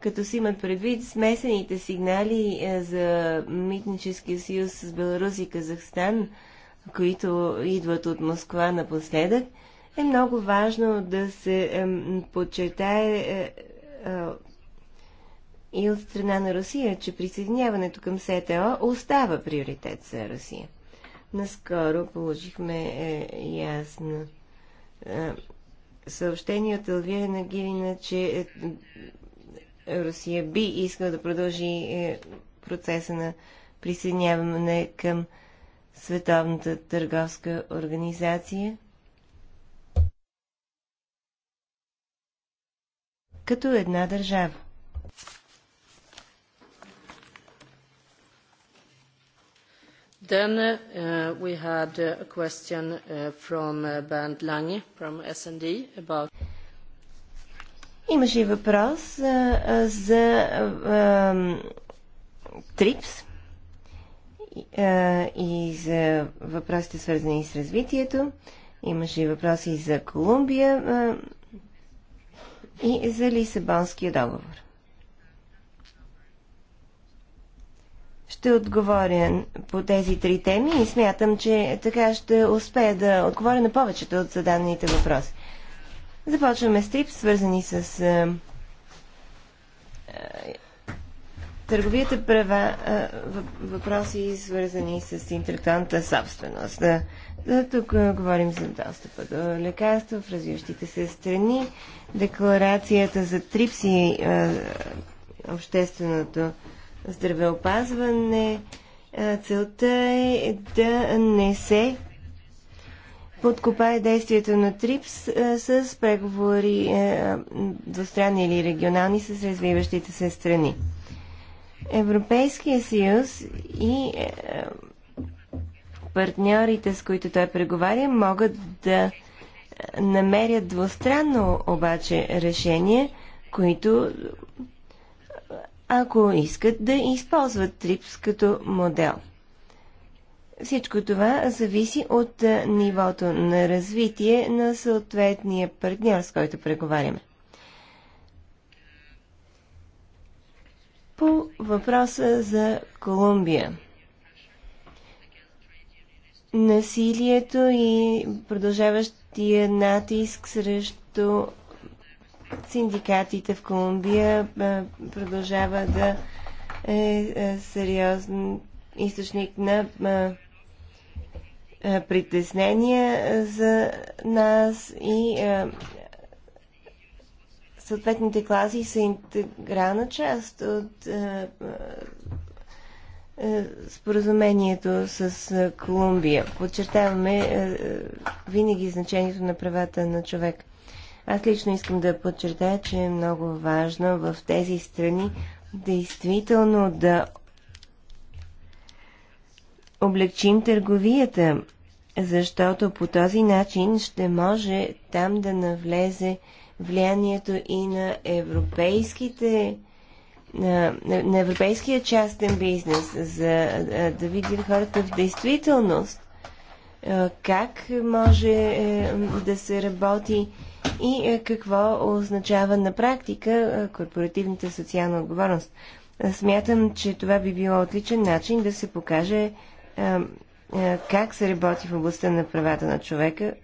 Като си имат предвид смесените сигнали е, за митническия съюз с Беларус и Казахстан, които идват от Москва напоследък – е много важно да се подчертае е, е, и от страна на Русия, че присъединяването към СТО остава приоритет за Русия. Наскоро получихме е, ясно е, съобщение от Елвира Нагирина, че е, Русия би искала да продължи е, процеса на присъединяване към Световната търговска организация – като една държава. Then uh, we had uh, a question uh, from uh, Bernd Lange from S&D about Имаше и въпрос а, uh, за а, um, ТРИПС а, и за въпросите свързани с развитието. Имаше и въпроси за Колумбия и за Лисабонския договор. Ще отговоря по тези три теми и смятам, че така ще успея да отговоря на повечето от зададените въпроси. Започваме с трип, свързани с е, е, търговията права, е, въпроси, свързани с интелектуалната собственост. Е, тук е, говорим за достъпа до лекарства в развиващите се страни. Декларацията за ТРИПС и е, общественото здравеопазване. целта е да не се подкопае действието на ТРИПС с преговори двустранни или регионални с развиващите се страни. Европейския съюз и партньорите, с които той преговаря, могат да е, намерят двустранно обаче решение, които е, ако искат да използват ТРИПС като модел. Всичко това зависи от е, нивото на развитие на съответния партньор, с който преговаряме. По въпроса за Колумбия – насилието и продължаващия натиск срещу синдикатите в Колумбия продължава да е, е сериозен източник на притеснения за нас и съответните класи са интегрална част от е, споразумението с е, Колумбия. Подчертаваме е, винаги значението на правата на човек. Аз лично искам да подчертая, че е много важно в тези страни действително да облегчим търговията, защото по този начин ще може там да навлезе влиянието и на европейските на, европейския частен бизнес, за да видим хората в действителност как може е, да се работи и е, какво означава на практика корпоративната социална отговорност. Смятам, че това би било отличен начин да се покаже как се работи в областта на правата на човека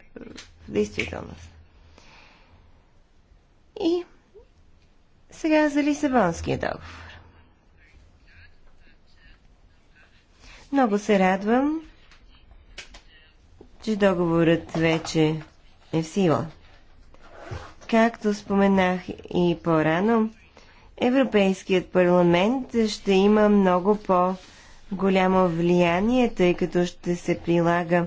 в действителност. И сега за Лисабонския договор. Много се радвам, че договорът вече е в сила. Както споменах и по-рано, Европейският парламент ще има много по-голямо влияние, тъй като ще се прилага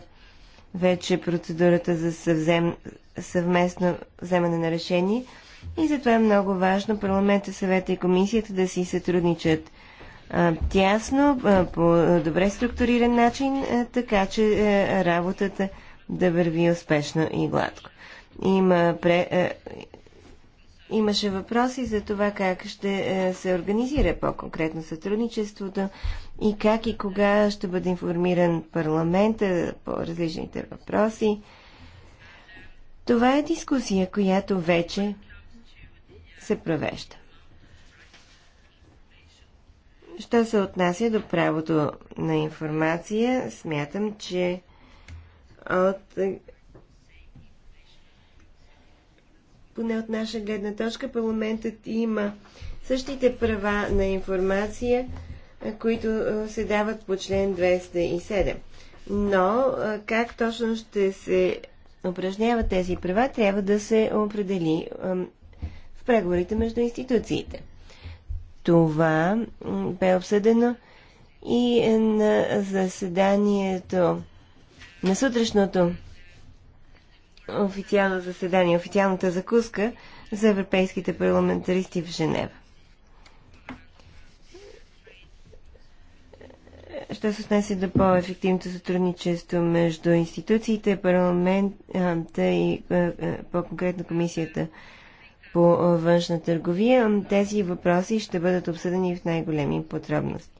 вече процедурата за съвзем... съвместно вземане на решение – и затова е много важно парламента, съвета и комисията да си сътрудничат тясно, по добре структуриран начин, така че работата да върви успешно и гладко. Има пре... Имаше въпроси за това как ще се организира по-конкретно сътрудничеството и как и кога ще бъде информиран парламента по различните въпроси. Това е дискусия, която вече се превежда. Що се отнася до правото на информация, смятам, че от поне от наша гледна точка парламентът има същите права на информация, които се дават по член 207. Но как точно ще се упражняват тези права, трябва да се определи преговорите между институциите. Това бе обсъдено и на заседанието, на сутрешното официално заседание, официалната закуска за европейските парламентаристи в Женева. Що се отнесе до по-ефективното сътрудничество между институциите, парламента и е, е, по-конкретно комисията по външна търговия, тези въпроси ще бъдат обсъдени в най-големи подробности.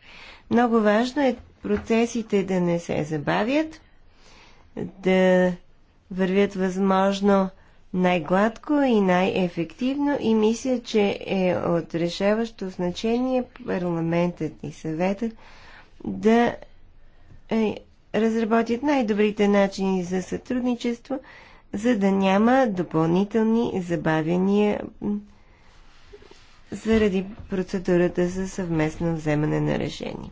Много важно е процесите да не се забавят, да вървят възможно най-гладко и най-ефективно и мисля, че е от решаващо значение парламентът и съветът да е, разработят най-добрите начини за сътрудничество – за да няма допълнителни забавяния заради процедурата за съвместно вземане на решение.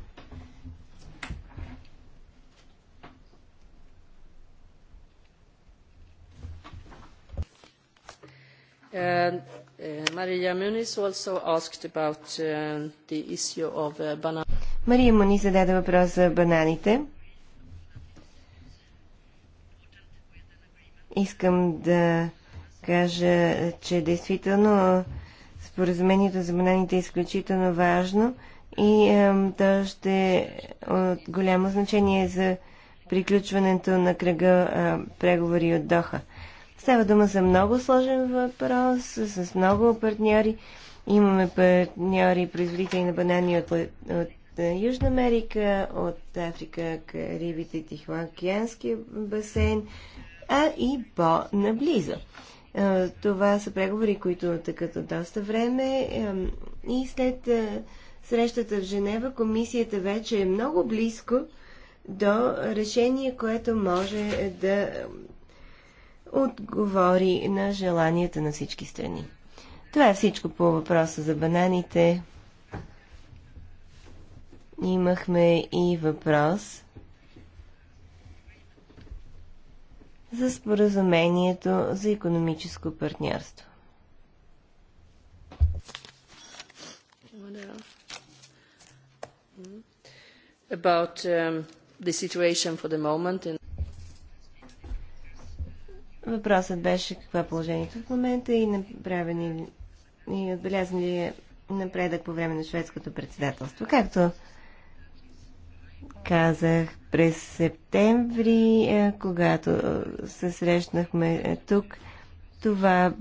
Мария Муни uh, uh, uh, зададе въпрос за бананите. Искам да кажа, че действително споразумението за бананите е изключително важно и е, то ще е от голямо значение за приключването на кръга е, преговори от Доха. Става дума за много сложен въпрос, с много партньори. Имаме партньори, производители на банани от, от, от Южна Америка, от Африка, Карибите, Тихоокеанския басейн, а и по-наблизо. Това са преговори, които тъкат от доста време и след срещата в Женева комисията вече е много близко до решение, което може да отговори на желанията на всички страни. Това е всичко по въпроса за бананите. Имахме и въпрос за споразумението за економическо партньорство. About um, the situation for the moment Въпросът беше какво е положението в момента и направени и отбелязани ли е напредък по време на шведското председателство. Както казах през септември, е, когато се срещнахме тук. Това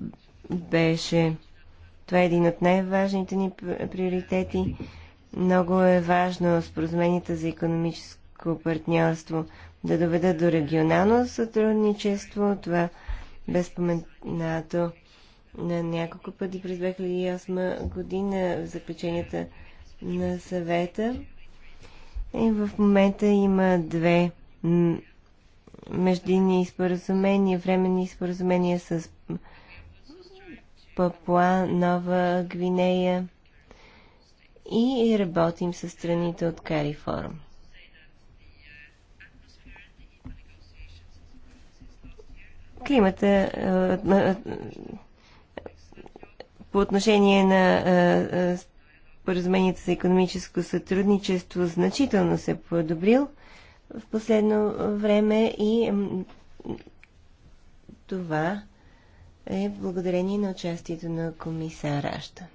беше. Това е един от най-важните ни приоритети. Много е важно споразуменията за економическо партньорство да доведат до регионално сътрудничество. Това бе споменато на няколко пъти през 2008 година в заключенията на съвета. И в момента има две междинни споразумения, временни споразумения с Папуа, Нова Гвинея и работим с страните от Форум. Климата по отношение на споразумението за економическо сътрудничество значително се е подобрил в последно време и това е благодарение на участието на комисар Ашта.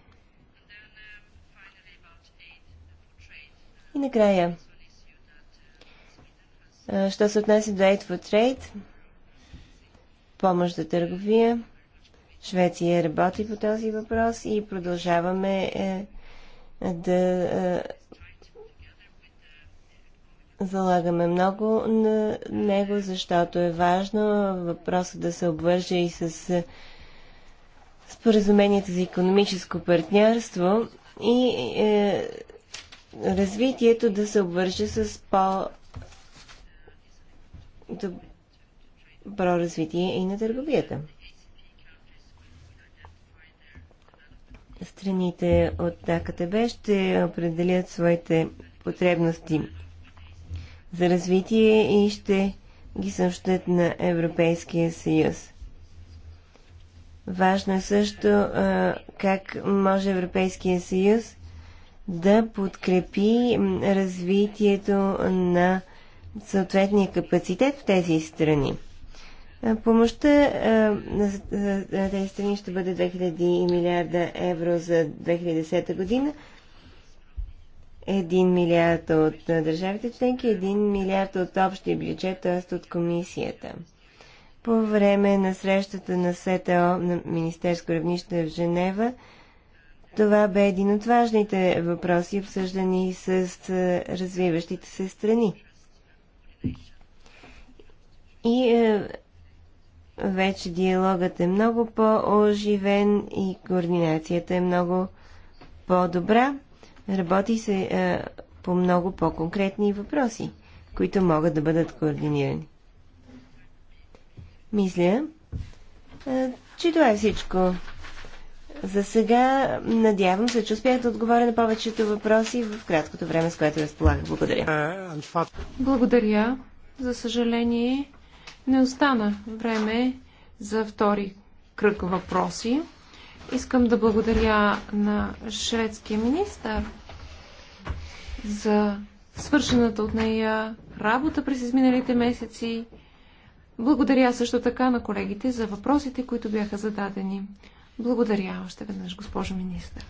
И накрая, що се отнася до Aid for Trade, помощ за търговия, Швеция работи по този въпрос и продължаваме е, да е, залагаме много на него, защото е важно въпросът да се обвърже и с е, споразумението за економическо партньорство и е, развитието да се обвърже с по добро развитие и на търговията. страните от АКТБ ще определят своите потребности за развитие и ще ги съобщат на Европейския съюз. Важно е също как може Европейския съюз да подкрепи развитието на съответния капацитет в тези страни. Помощта е, е, на тези страни ще бъде 2000 милиарда евро за 2010 година. 1 милиард от е, държавите членки, 1 милиард от общия бюджет, т.е. от комисията. По време на срещата на СТО на Министерско равнище в Женева, това бе един от важните въпроси, обсъждани с развиващите се страни. И е, вече диалогът е много по-оживен и координацията е много по-добра. Работи се е, по много по-конкретни въпроси, които могат да бъдат координирани. Мисля, е, че това е всичко. За сега надявам се, че успях да отговоря на повечето въпроси в краткото време, с което разполагах. Благодаря. Благодаря. За съжаление, не остана време за втори кръг въпроси. Искам да благодаря на шведския министр за свършената от нея работа през изминалите месеци. Благодаря също така на колегите за въпросите, които бяха зададени. Благодаря още веднъж, госпожо министър.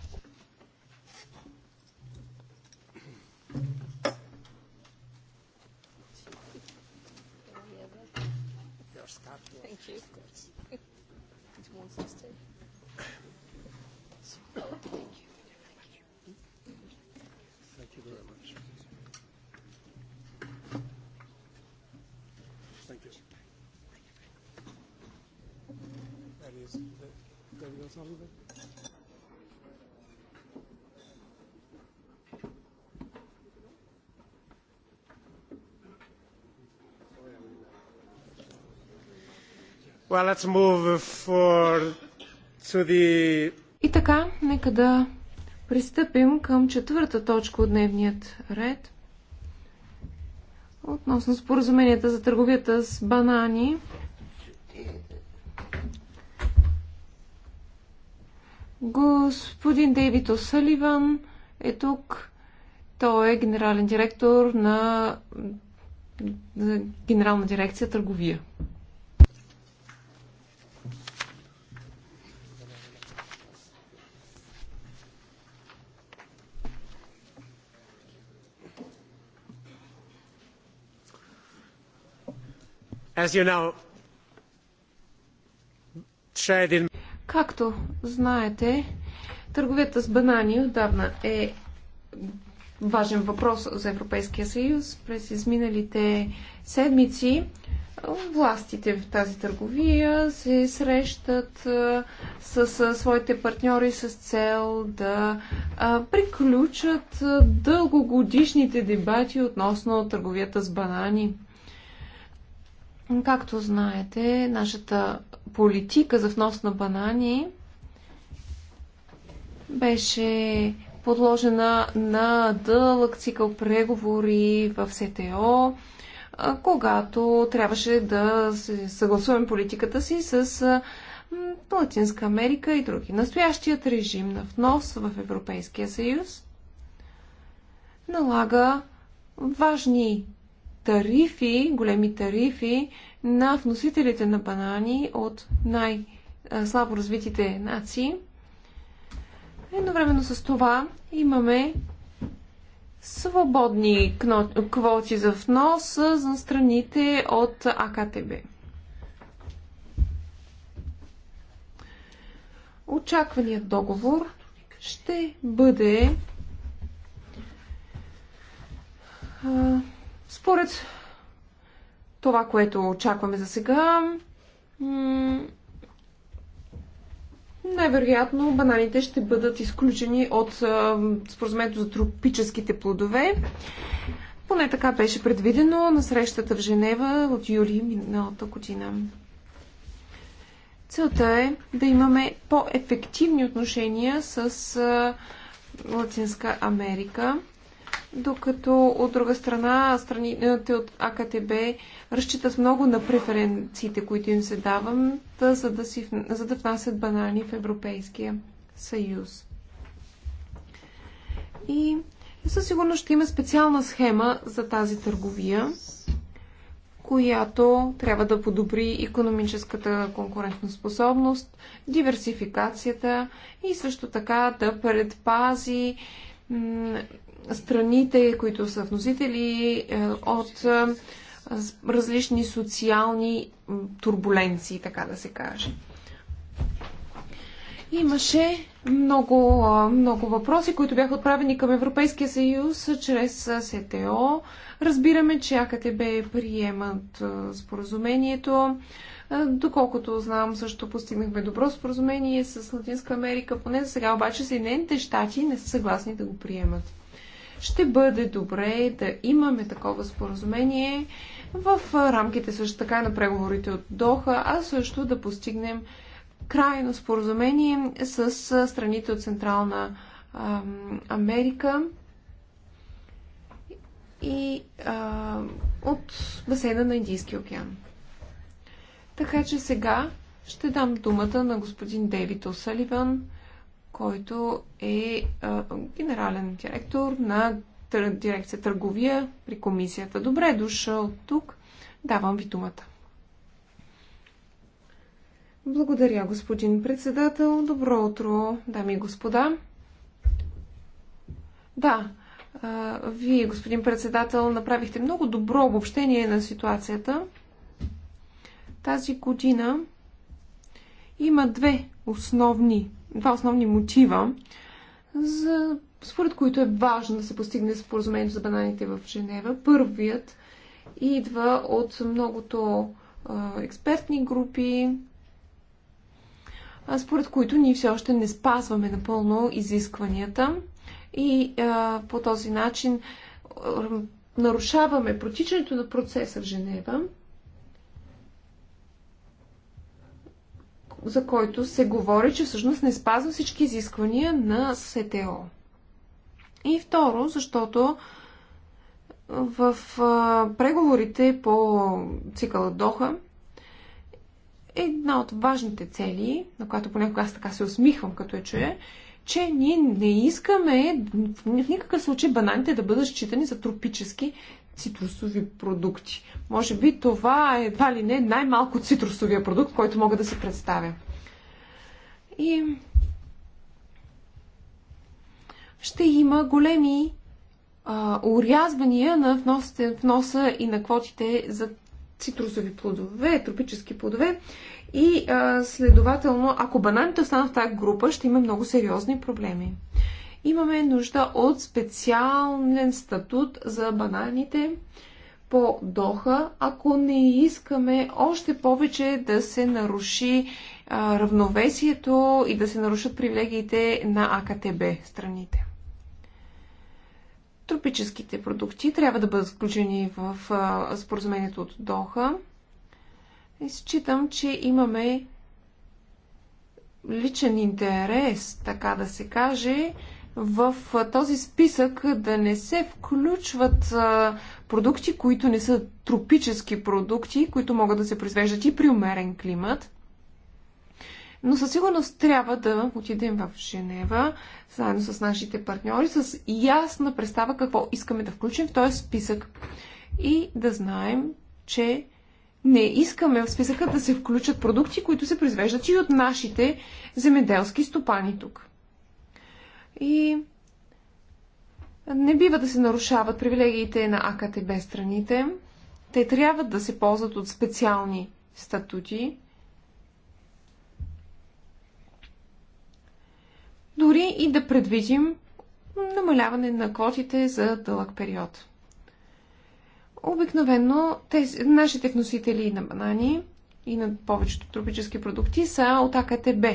И така, нека да пристъпим към четвърта точка от дневният ред. Относно споразуменията за търговията с банани. Господин Дейвид Осаливан е тук. Той е генерален директор на Генерална дирекция търговия. Както знаете, търговията с банани отдавна е важен въпрос за Европейския съюз. През изминалите седмици властите в тази търговия се срещат с своите партньори с цел да приключат дългогодишните дебати относно търговията с банани. Както знаете, нашата политика за внос на банани беше подложена на дълъг цикъл преговори в СТО, когато трябваше да съгласуваме политиката си с Латинска Америка и други. Настоящият режим на внос в Европейския съюз налага важни тарифи, големи тарифи на вносителите на банани от най-слабо развитите нации. Едновременно с това имаме свободни квоти за внос за страните от АКТБ. Очакваният договор ще бъде според това, което очакваме за сега, най-вероятно бананите ще бъдат изключени от споразумението за тропическите плодове. Поне така беше предвидено на срещата в Женева от юли миналата година. Целта е да имаме по-ефективни отношения с Латинска Америка докато от друга страна страните от АКТБ разчитат много на преференциите, които им се дават, за да, си, за да внасят банани в Европейския съюз. И със сигурност ще има специална схема за тази търговия, която трябва да подобри економическата конкурентоспособност, диверсификацията и също така да предпази страните, които са вносители е, от е, различни социални турбуленции, така да се каже. Имаше много, е, много въпроси, които бяха отправени към Европейския съюз чрез СТО. Разбираме, че АКТБ приемат споразумението. Доколкото знам, също постигнахме добро споразумение с Латинска Америка, поне за сега обаче Съединените щати не са съгласни да го приемат ще бъде добре да имаме такова споразумение в рамките също така и на преговорите от Доха, а също да постигнем крайно споразумение с страните от Централна Америка и а, от басейна на Индийския океан. Така че сега ще дам думата на господин Дейвид Осаливан, който е а, генерален директор на тър... дирекция търговия при комисията. Добре е дошъл тук. Давам ви думата. Благодаря, господин председател. Добро утро, дами и господа. Да, а, вие, господин председател, направихте много добро обобщение на ситуацията. Тази година има две основни два основни мотива, за, според които е важно да се постигне споразумението за бананите в Женева. Първият идва от многото а, експертни групи, а, според които ние все още не спазваме напълно изискванията и а, по този начин нарушаваме протичането на процеса в Женева за който се говори, че всъщност не спазва всички изисквания на СТО. И второ, защото в преговорите по цикъла Доха една от важните цели, на която понякога аз така се усмихвам, като я чуя, че ние не искаме в никакъв случай бананите да бъдат считани за тропически цитрусови продукти. Може би това е едва ли не най-малко цитрусовия продукт, който мога да се представя. И ще има големи а, урязвания на внос, вноса и на квотите за цитрусови плодове, тропически плодове. И а, следователно, ако бананите останат в тази група, ще има много сериозни проблеми. Имаме нужда от специален статут за бананите по Доха, ако не искаме още повече да се наруши равновесието и да се нарушат привилегиите на АКТБ страните. Тропическите продукти трябва да бъдат включени в а, споразумението от Доха. И считам, че имаме личен интерес, така да се каже, в този списък да не се включват продукти, които не са тропически продукти, които могат да се произвеждат и при умерен климат. Но със сигурност трябва да отидем в Женева, заедно с нашите партньори, с ясна представа какво искаме да включим в този списък. И да знаем, че не искаме в списъка да се включат продукти, които се произвеждат и от нашите земеделски стопани тук. И не бива да се нарушават привилегиите на АКТБ страните. Те трябва да се ползват от специални статути. Дори и да предвидим намаляване на квотите за дълъг период. Обикновено тези, нашите вносители на банани и на повечето тропически продукти са от АКТБ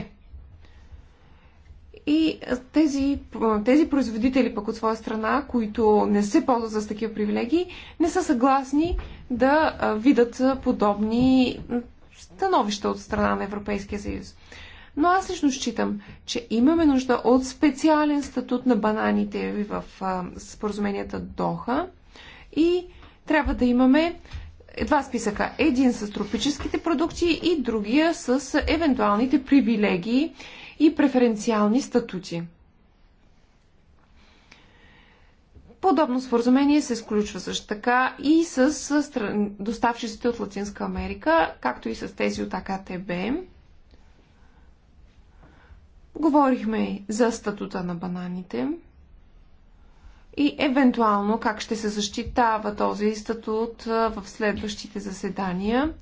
и тези, тези производители пък от своя страна, които не се ползват с такива привилегии, не са съгласни да видят подобни становища от страна на Европейския съюз. Но аз лично считам, че имаме нужда от специален статут на бананите в споразуменията Доха и трябва да имаме два списъка. Един с тропическите продукти и другия с евентуалните привилегии и преференциални статути. Подобно споразумение се сключва също така и с доставчиците от Латинска Америка, както и с тези от АКТБ. Говорихме за статута на бананите и евентуално как ще се защитава този статут в следващите заседания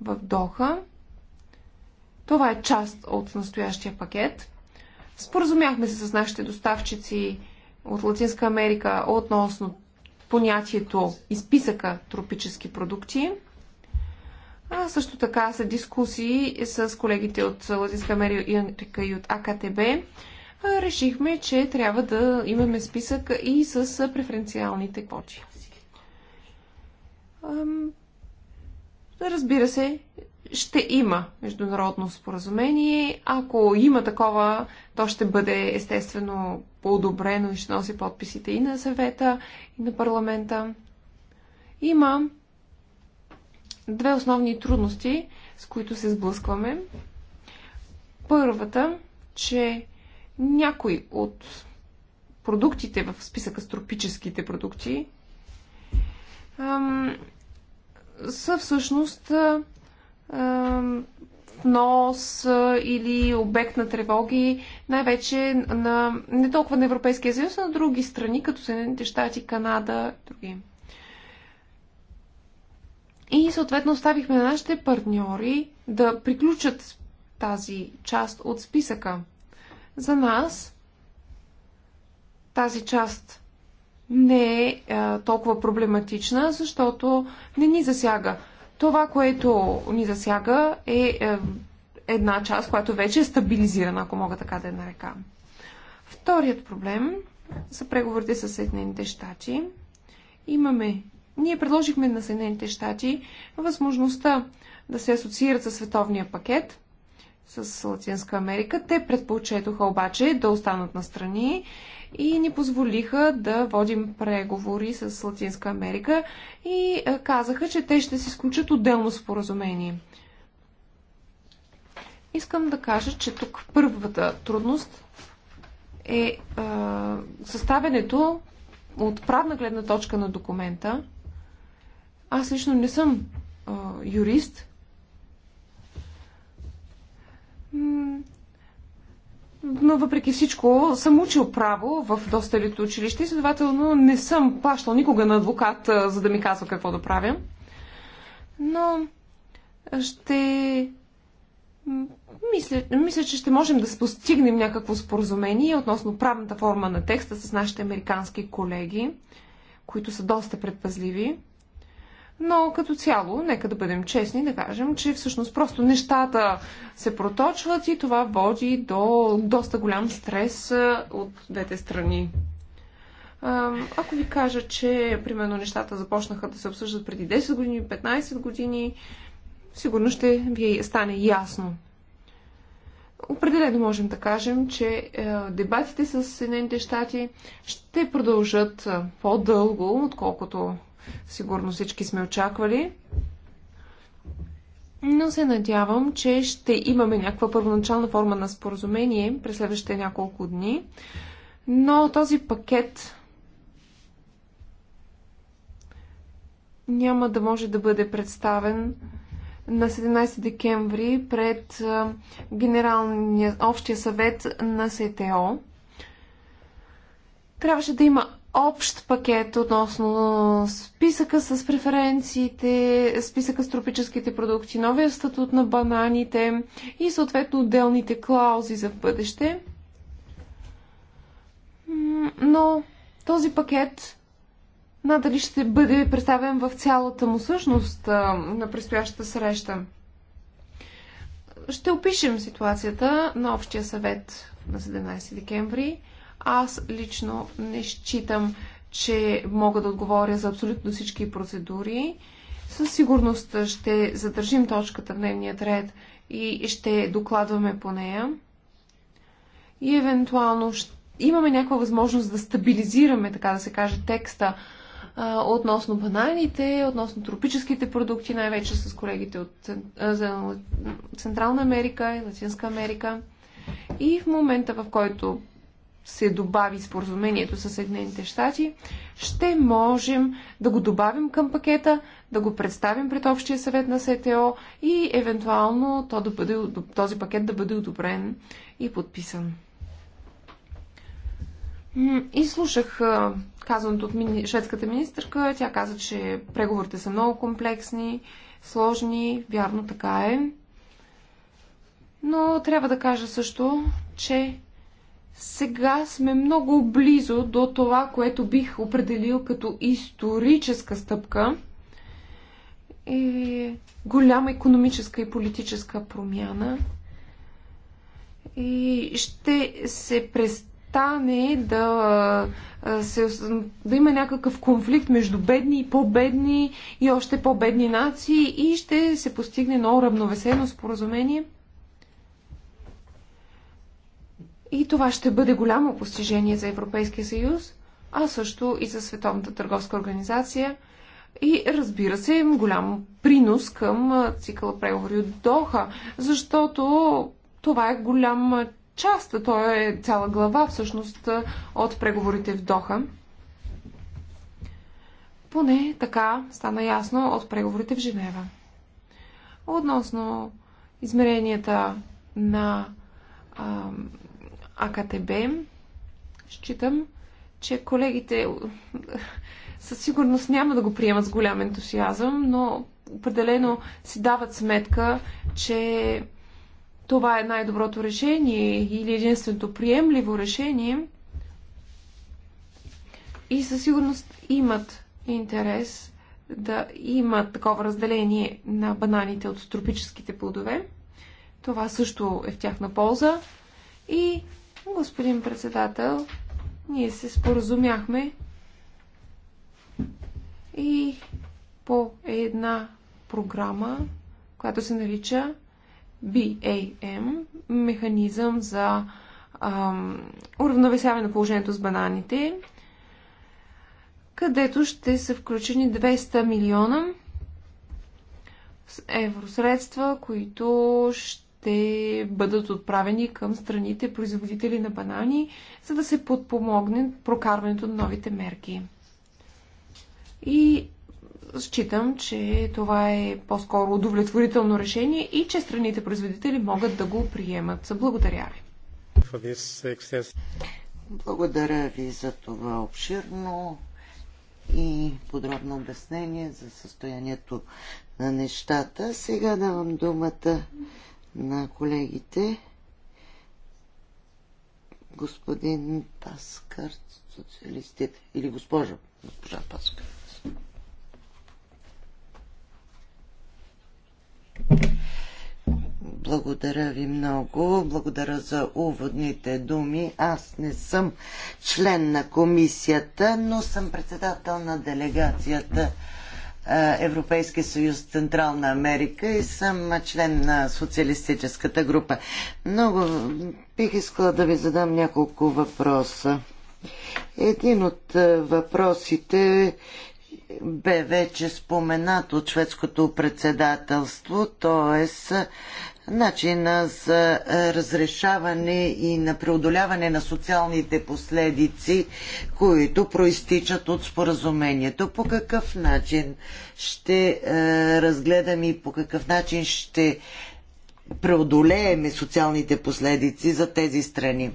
в Доха. Това е част от настоящия пакет. Споразумяхме се с нашите доставчици от Латинска Америка относно понятието и списъка тропически продукти. А също така са дискусии с колегите от Латинска Америка и от АКТБ. Решихме, че трябва да имаме списък и с преференциалните квоти. Разбира се, ще има международно споразумение. Ако има такова, то ще бъде естествено по-одобрено и ще носи подписите и на съвета, и на парламента. Има две основни трудности, с които се сблъскваме. Първата, че някои от продуктите в списъка с тропическите продукти са всъщност внос или обект на тревоги, най-вече на, не толкова на Европейския съюз, а на други страни, като Съединените щати, Канада, и други. И съответно оставихме на нашите партньори да приключат тази част от списъка. За нас тази част не е, е толкова проблематична, защото не ни засяга. Това, което ни засяга е, е една част, която вече е стабилизирана, ако мога така да я нарека. Вторият проблем са преговорите с Съединените щати. Имаме. Ние предложихме на Съединените щати възможността да се асоциират със световния пакет, с Латинска Америка. Те предпочетоха обаче да останат настрани и ни позволиха да водим преговори с Латинска Америка и е, казаха, че те ще си изключат отделно споразумение. Искам да кажа, че тук първата трудност е а, е, съставянето от правна гледна точка на документа. Аз лично не съм а, е, юрист, но въпреки всичко съм учил право в доста лито училище и следователно не съм плащал никога на адвокат, за да ми казва какво да правя. Но ще... Мисля, мисля, че ще можем да постигнем някакво споразумение относно правната форма на текста с нашите американски колеги, които са доста предпазливи. Но като цяло, нека да бъдем честни, да кажем, че всъщност просто нещата се проточват и това води до доста голям стрес от двете страни. Ако ви кажа, че примерно нещата започнаха да се обсъждат преди 10 години, 15 години, сигурно ще ви стане ясно. Определено можем да кажем, че е, дебатите с Съединените щати ще продължат е, по-дълго, отколкото сигурно всички сме очаквали. Но се надявам, че ще имаме някаква първоначална форма на споразумение през следващите няколко дни. Но този пакет няма да може да бъде представен на 17 декември пред Генералния общия съвет на СТО. Трябваше да има общ пакет относно списъка с преференциите, списъка с тропическите продукти, новия статут на бананите и съответно отделните клаузи за в бъдеще. Но този пакет надали ще бъде представен в цялата му същност на предстоящата среща. Ще опишем ситуацията на Общия съвет на 17 декември аз лично не считам, че мога да отговоря за абсолютно всички процедури. Със сигурност ще задържим точката в дневния ред и ще докладваме по нея. И евентуално имаме някаква възможност да стабилизираме, така да се каже, текста а, относно бананите, относно тропическите продукти, най-вече с колегите от а, Централна Америка и Латинска Америка. И в момента, в който се добави споразумението с Съединените щати, ще можем да го добавим към пакета, да го представим пред Общия съвет на СТО и евентуално то да бъде, този пакет да бъде одобрен и подписан. И слушах казаното от шведската министърка. Тя каза, че преговорите са много комплексни, сложни. Вярно, така е. Но трябва да кажа също, че сега сме много близо до това, което бих определил като историческа стъпка и голяма економическа и политическа промяна. И ще се престане да, се, да има някакъв конфликт между бедни и по-бедни и още по-бедни нации и ще се постигне ново равновесено споразумение – И това ще бъде голямо постижение за Европейския съюз, а също и за Световната търговска организация. И разбира се, голям принос към цикъла преговори от Доха, защото това е голяма част, то е цяла глава всъщност от преговорите в Доха. Поне така стана ясно от преговорите в Женева. Относно измеренията на АКТБ, считам, че колегите <laughs> със сигурност няма да го приемат с голям ентусиазъм, но определено си дават сметка, че това е най-доброто решение или единственото приемливо решение и със сигурност имат интерес да има такова разделение на бананите от тропическите плодове. Това също е в тяхна полза. И Господин председател, ние се споразумяхме и по една програма, която се нарича BAM, механизъм за ам, уравновесяване на положението с бананите, където ще са включени 200 милиона евросредства, които ще ще бъдат отправени към страните производители на банани, за да се подпомогне прокарването на новите мерки. И считам, че това е по-скоро удовлетворително решение и че страните производители могат да го приемат. Благодаря ви. Благодаря ви за това обширно и подробно обяснение за състоянието на нещата. Сега давам думата на колегите. Господин Паскар, социалистите, или госпожа, госпожа Паскар. Благодаря ви много. Благодаря за уводните думи. Аз не съм член на комисията, но съм председател на делегацията е, Европейския съюз, Централна Америка и съм член на социалистическата група. Много бих искала да ви задам няколко въпроса. Един от е, въпросите бе вече споменат от шведското председателство, т.е начина за е, разрешаване и на преодоляване на социалните последици, които проистичат от споразумението. По какъв начин ще е, разгледаме и по какъв начин ще преодолееме социалните последици за тези страни.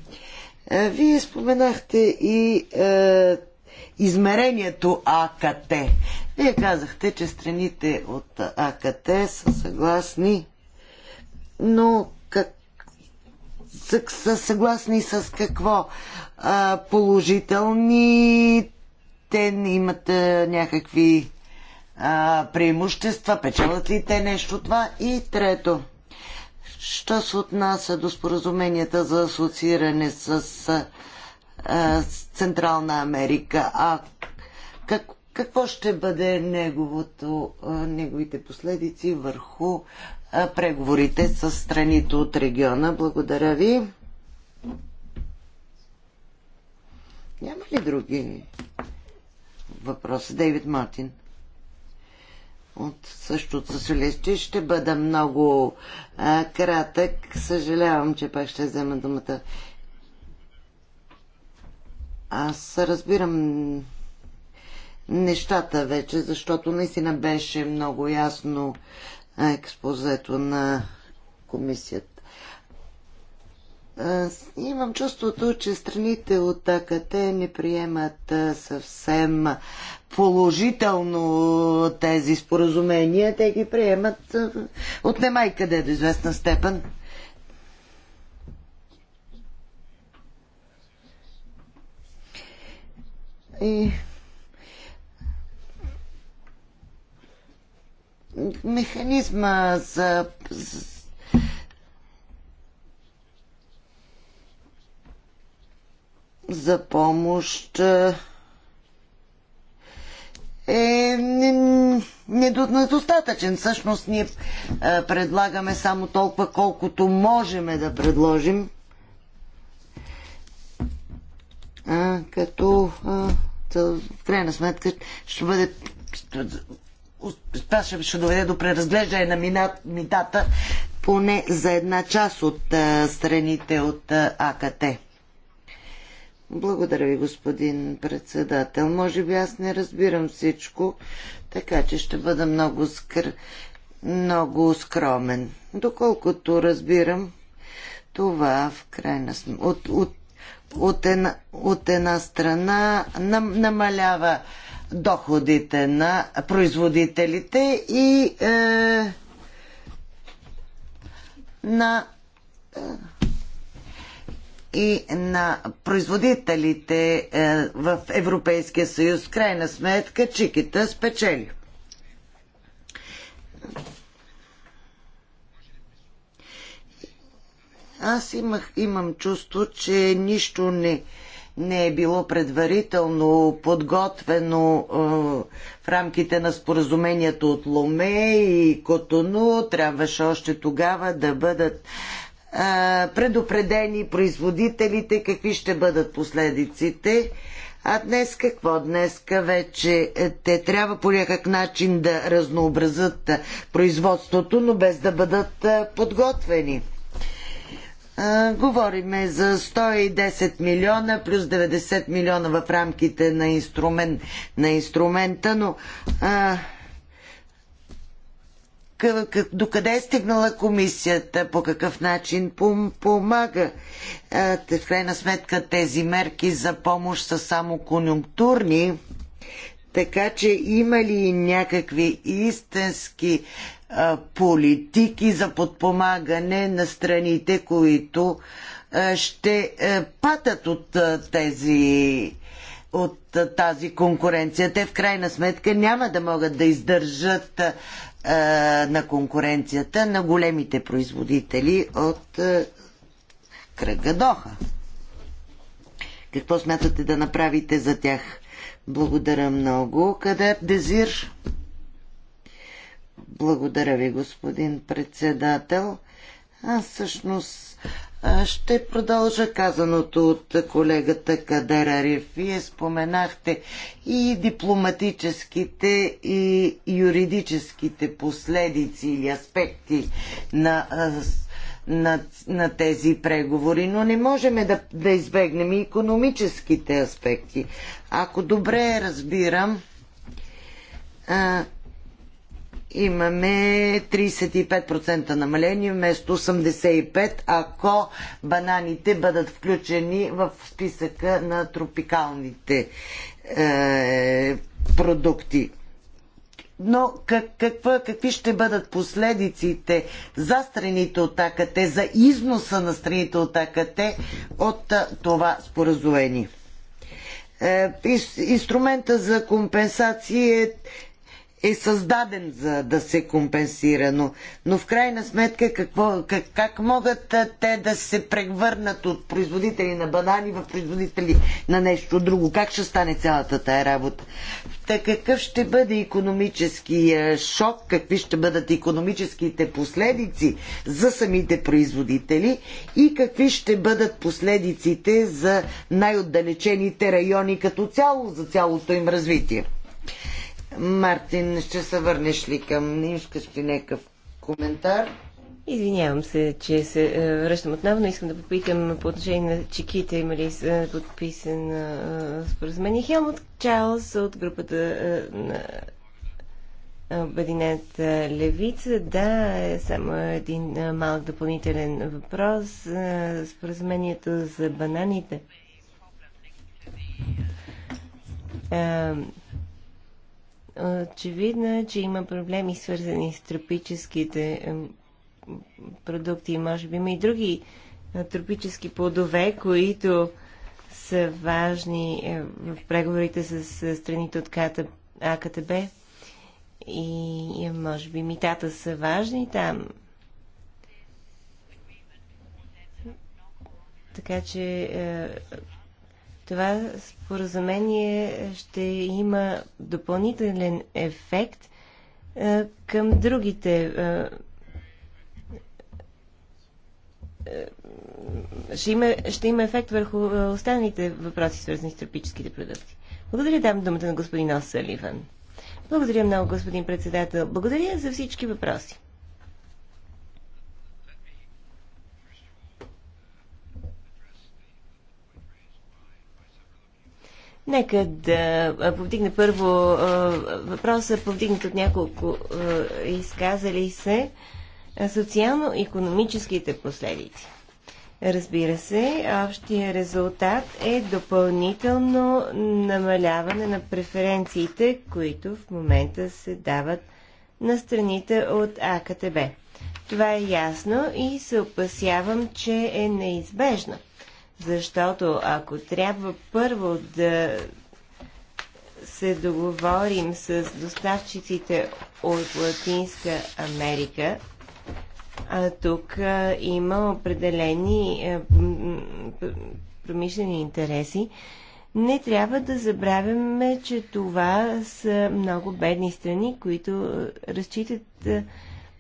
Е, вие споменахте и е, измерението АКТ. Вие казахте, че страните от АКТ са съгласни но как, са съгласни с какво? А, положителни, те имат а, някакви а, преимущества, печелят ли те нещо това? И трето, що се отнася до споразуменията за асоцииране с а, с Централна Америка, а как, какво ще бъде неговото, неговите последици върху преговорите с страните от региона. Благодаря ви. Няма ли други въпроси? Дейвид Мартин от същото Сосилисти Ще бъда много а, кратък. Съжалявам, че пак ще взема думата. Аз разбирам нещата вече, защото наистина беше много ясно експозето на комисията. Имам чувството, че страните от АКТ не приемат съвсем положително тези споразумения. Те ги приемат от немай къде до известна степен. И механизма за, за помощ е, е недостатъчен. Всъщност ние е, предлагаме само толкова, колкото можем да предложим. А, като а, в крайна сметка ще бъде това ще, ще доведе до преразглеждане на митата поне за една част от а, страните от а, АКТ. Благодаря ви, господин председател. Може би аз не разбирам всичко, така че ще бъда много, скр... много скромен. Доколкото разбирам, това в крайна сметка от, от, от, една, от една страна нам, намалява доходите на производителите и е, на е, и на производителите е, в Европейския съюз. Крайна сметка чиките спечели. Аз имах, имам чувство, че нищо не, не е било предварително подготвено е, в рамките на споразумението от Ломе и Котону. Трябваше още тогава да бъдат е, предупредени производителите какви ще бъдат последиците. А днес какво? Днес вече е, те трябва по някакъв начин да разнообразят производството, но без да бъдат подготвени. Говориме за 110 милиона плюс 90 милиона в рамките на, на инструмента, но докъде е стигнала комисията, по какъв начин помага. В крайна сметка тези мерки за помощ са само конюнктурни, така че има ли някакви истински политики за подпомагане на страните, които ще патят от тези от тази конкуренция. Те в крайна сметка няма да могат да издържат е, на конкуренцията на големите производители от е, кръга Доха. Какво смятате да направите за тях? Благодаря много. Къде е Дезир? Благодаря ви, господин председател. Аз всъщност ще продължа казаното от колегата Кадер Вие споменахте и дипломатическите и юридическите последици и аспекти на, на, на тези преговори, но не можем да, да избегнем и економическите аспекти. Ако добре разбирам, имаме 35% намаление вместо 85%, ако бананите бъдат включени в списъка на тропикалните е, продукти. Но как, каква, какви ще бъдат последиците за страните от АКТ, за износа на страните от АКТ от е, това споразумение? Е, инструмента за компенсации е е създаден за да се компенсира, но, но в крайна сметка какво, как, как могат те да се превърнат от производители на банани в производители на нещо друго? Как ще стане цялата тая работа? Та какъв ще бъде економическия шок? Какви ще бъдат економическите последици за самите производители? И какви ще бъдат последиците за най-отдалечените райони като цяло, за цялото им развитие? Мартин, ще се върнеш ли към... Искаш ли някакъв е коментар? Извинявам се, че се е, връщам отново, но искам да попитам по отношение на чеките, има ли е, подписан споразумение. Хелмут Чарлз от групата на Обединената левица. Да, е само един малък допълнителен въпрос. Споразумението за бананите Очевидно е, че има проблеми свързани с тропическите продукти. Може би има и други е, тропически плодове, които са важни е, в преговорите с страните от АКТБ. И е, може би митата са важни там. Така че това споразумение ще има допълнителен ефект е, към другите е, е, ще има, ще има ефект върху останалите въпроси, свързани с тропическите продукти. Благодаря, дам думата на господин Осаливан. Благодаря много, господин председател. Благодаря за всички въпроси. Нека да повдигне първо въпроса, повдигнат от няколко изказали се, социално-економическите последици. Разбира се, общия резултат е допълнително намаляване на преференциите, които в момента се дават на страните от АКТБ. Това е ясно и се опасявам, че е неизбежно защото ако трябва първо да се договорим с доставчиците от Латинска Америка, а тук а, има определени а, промишлени интереси, не трябва да забравяме, че това са много бедни страни, които разчитат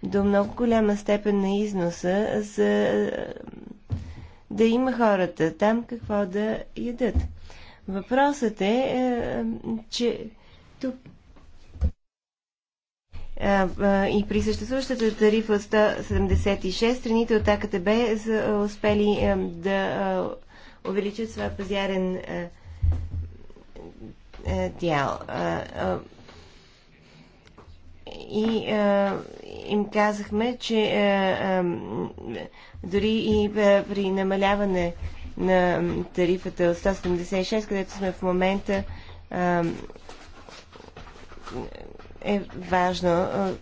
до много голяма степен на износа за да има хората там какво да ядат. Въпросът е, е че тук е, е, и при съществуващата тарифа 176 страните от АКТБ са успели да увеличат своя пазярен дял и а, е, им казахме, че а, е, а, е, дори и а, при намаляване на тарифата от 176, където сме в момента, а, е важно а,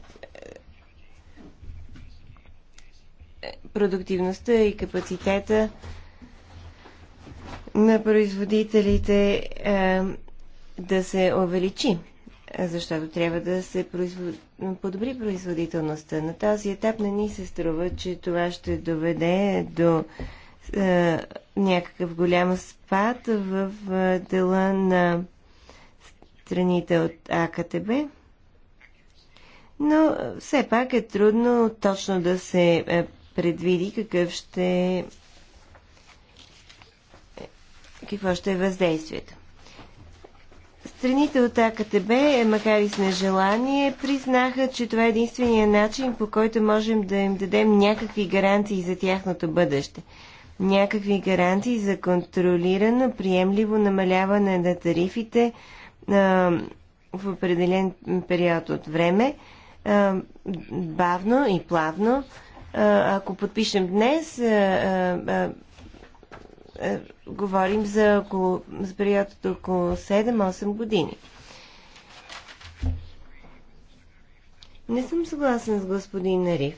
продуктивността и капацитета на производителите а, да се увеличи защото трябва да се производ... подобри производителността. На този етап не ни се струва, че това ще доведе до е, някакъв голям спад в е, дела на страните от АКТБ. Но е, все пак е трудно точно да се е, предвиди какъв ще е, какво ще е въздействието. Страните от АКТБ, макар и с нежелание, признаха, че това е единствения начин, по който можем да им дадем някакви гаранции за тяхното бъдеще. Някакви гаранции за контролирано, приемливо намаляване на тарифите а, в определен период от време, а, бавно и плавно. А, ако подпишем днес, а, а, е, говорим за, около, за период от около 7-8 години. Не съм съгласен с господин Нариф,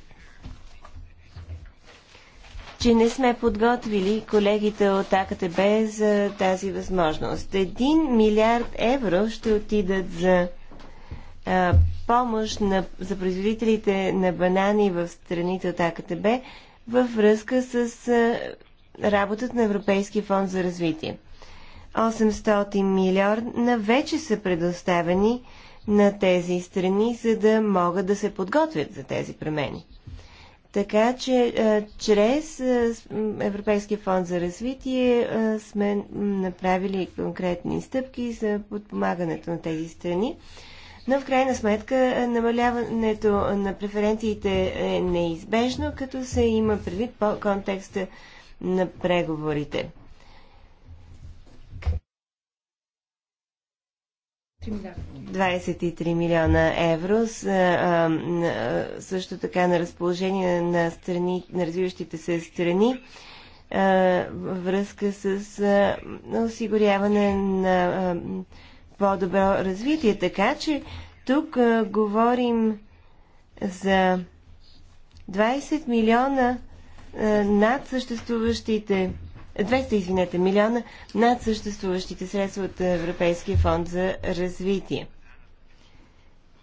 че не сме подготвили колегите от АКТБ за тази възможност. Един милиард евро ще отидат за а, помощ на, за производителите на банани в страните от АКТБ във връзка с а, работата на Европейския фонд за развитие. 800 милиона вече са предоставени на тези страни, за да могат да се подготвят за тези промени. Така че е, чрез е, Европейския фонд за развитие е, сме направили конкретни стъпки за подпомагането на тези страни. Но в крайна сметка намаляването на преференциите е неизбежно, като се има предвид по контекста на преговорите. Милиона. 23 милиона евро са а, а, също така на разположение на, страни, на развиващите се страни а, във връзка с а, осигуряване на а, по-добро развитие. Така че тук а, говорим за 20 милиона е, над съществуващите 200, извинете, милиона над съществуващите средства от Европейския фонд за развитие.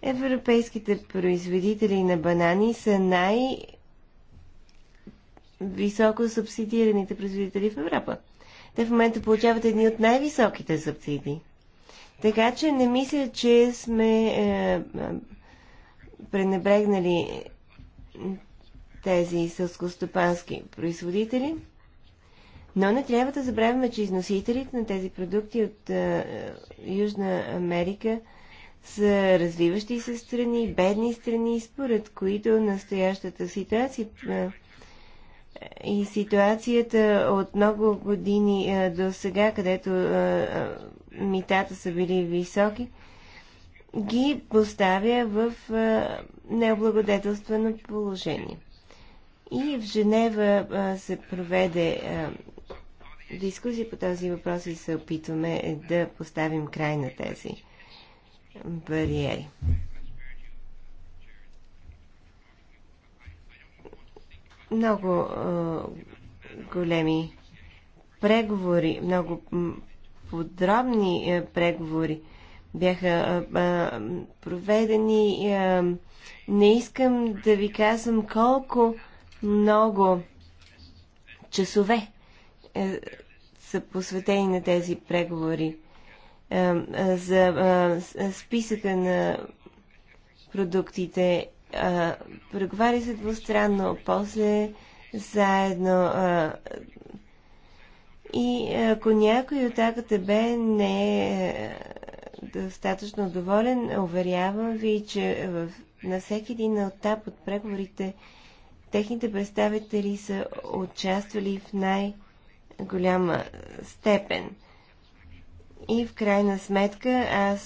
Европейските производители на банани са най- високо субсидираните производители в Европа. Те в момента получават едни от най-високите субсидии. Така че не мисля, че сме е, е пренебрегнали тези сълскостопански производители. Но не трябва да забравяме, че износителите на тези продукти от а, е, Южна Америка са развиващи се страни, бедни страни, според които настоящата ситуация а, е, и ситуацията от много години а, е, до сега, където митата са били високи, ги поставя в необлагодетелствено положение. И в Женева а, се проведе а, дискусия по този въпрос и се опитваме да поставим край на тези бариери. Много а, големи преговори, много подробни а, преговори бяха а, а, проведени. А, не искам да ви казвам колко а, много часове е, са посветени на тези преговори. Е, е, за е, е, списъка на продуктите е, преговаря се двустранно, после заедно. И ако някой от АКТБ не е достатъчно доволен, уверявам ви, че в, на всеки един етап от преговорите Техните представители са участвали в най-голяма степен. И в крайна сметка аз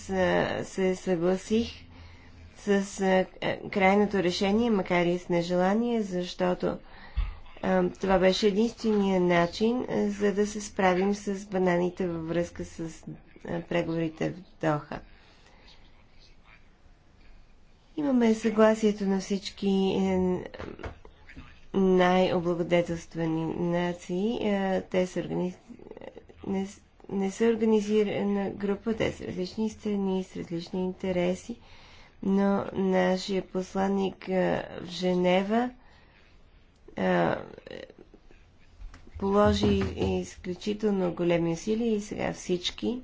се съгласих с крайното решение, макар и с нежелание, защото това беше единствения начин, за да се справим с бананите във връзка с преговорите в Доха. Имаме съгласието на всички е, най-облагодетелствани нации. Е, те са органи... не, не са организирана група, те са различни страни, с различни интереси, но нашия посланник е, в Женева е, положи изключително големи усилия и сега всички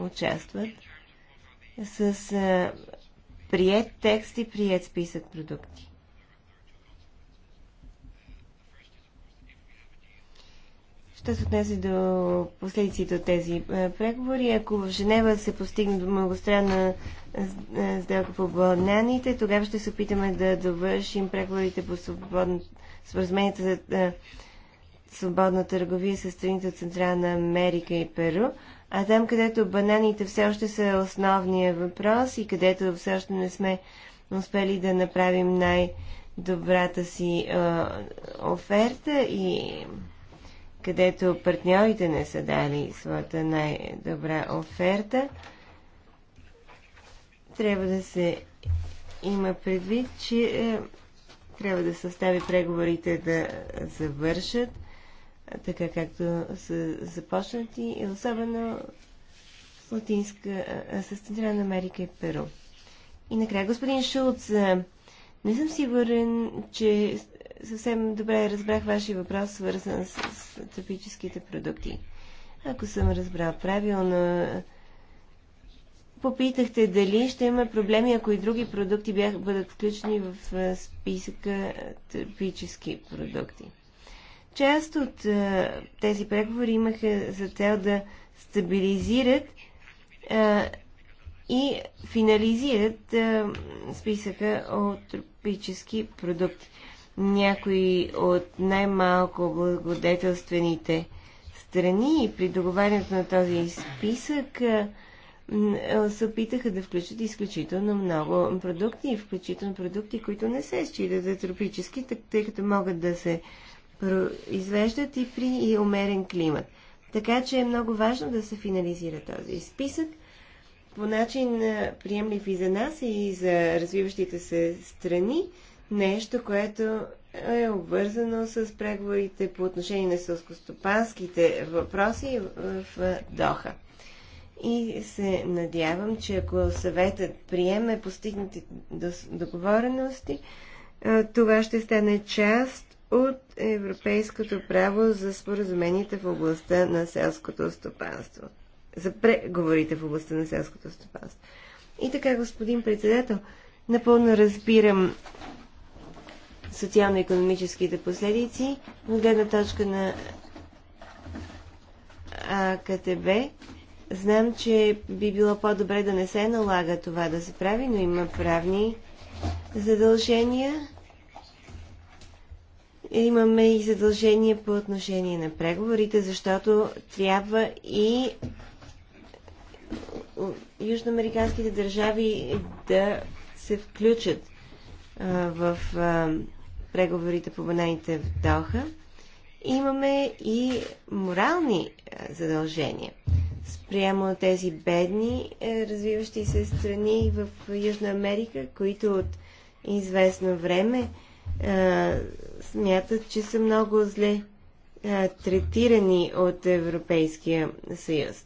участват с прият текст и прият списък продукти. Що се отнесе до последиците от тези е, преговори, ако в Женева се постигне до многостранна е, е, сделка по бананите, тогава ще се опитаме да довършим преговорите по свободно, свързмените за свободна търговия с страните от Централна Америка и Перу. А там, където бананите все още са основния въпрос и където все още не сме успели да направим най-добрата си оферта и където партньорите не са дали своята най-добра оферта, трябва да се има предвид, че е, трябва да състави преговорите да завършат, така както са започнати, и особено с, Латинска, с Централна Америка и Перу. И накрая, господин Шулц, е, не съм сигурен, че Съвсем добре разбрах вашия въпрос, свързан с, с продукти. Ако съм разбрал правилно, попитахте дали ще има проблеми, ако и други продукти бях, бъдат включени в списъка тропически продукти. Част от а, тези преговори имаха за цел да стабилизират а, и финализират а, списъка от тропически продукти някои от най-малко благодетелствените страни и при договарянето на този списък се опитаха да включат изключително много продукти, включително продукти, които не се считат за тропически, тъй като могат да се произвеждат и при и умерен климат. Така че е много важно да се финализира този списък по начин приемлив и за нас и за развиващите се страни, нещо, което е обвързано с преговорите по отношение на сълскостопанските въпроси в Доха. И се надявам, че ако съветът приеме постигнати договорености, е, това ще стане част от европейското право за споразумените в областта на селското стопанство. За преговорите в областта на селското стопанство. И така, господин председател, напълно разбирам социално-економическите последици от гледна точка на АКТБ. Знам, че би било по-добре да не се налага това да се прави, но има правни задължения. Имаме и задължения по отношение на преговорите, защото трябва и южноамериканските държави да се включат в преговорите по бананите в Доха, имаме и морални е, задължения спрямо тези бедни е, развиващи се страни в Южна Америка, които от известно време а, е, смятат, че са много зле а, третирани от Европейския съюз.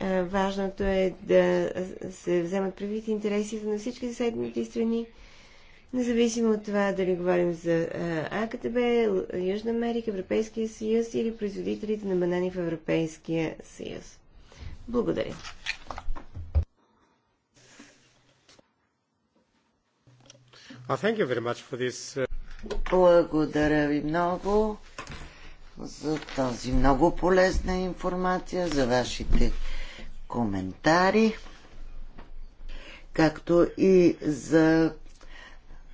А, важното е да се вземат правите интересите на всички съседните страни Независимо от това дали говорим за АКТБ, Южна Америка, Европейския съюз или производителите на банани в Европейския съюз. Благодаря. Uh, Благодаря ви много за тази много полезна информация, за вашите коментари, както и за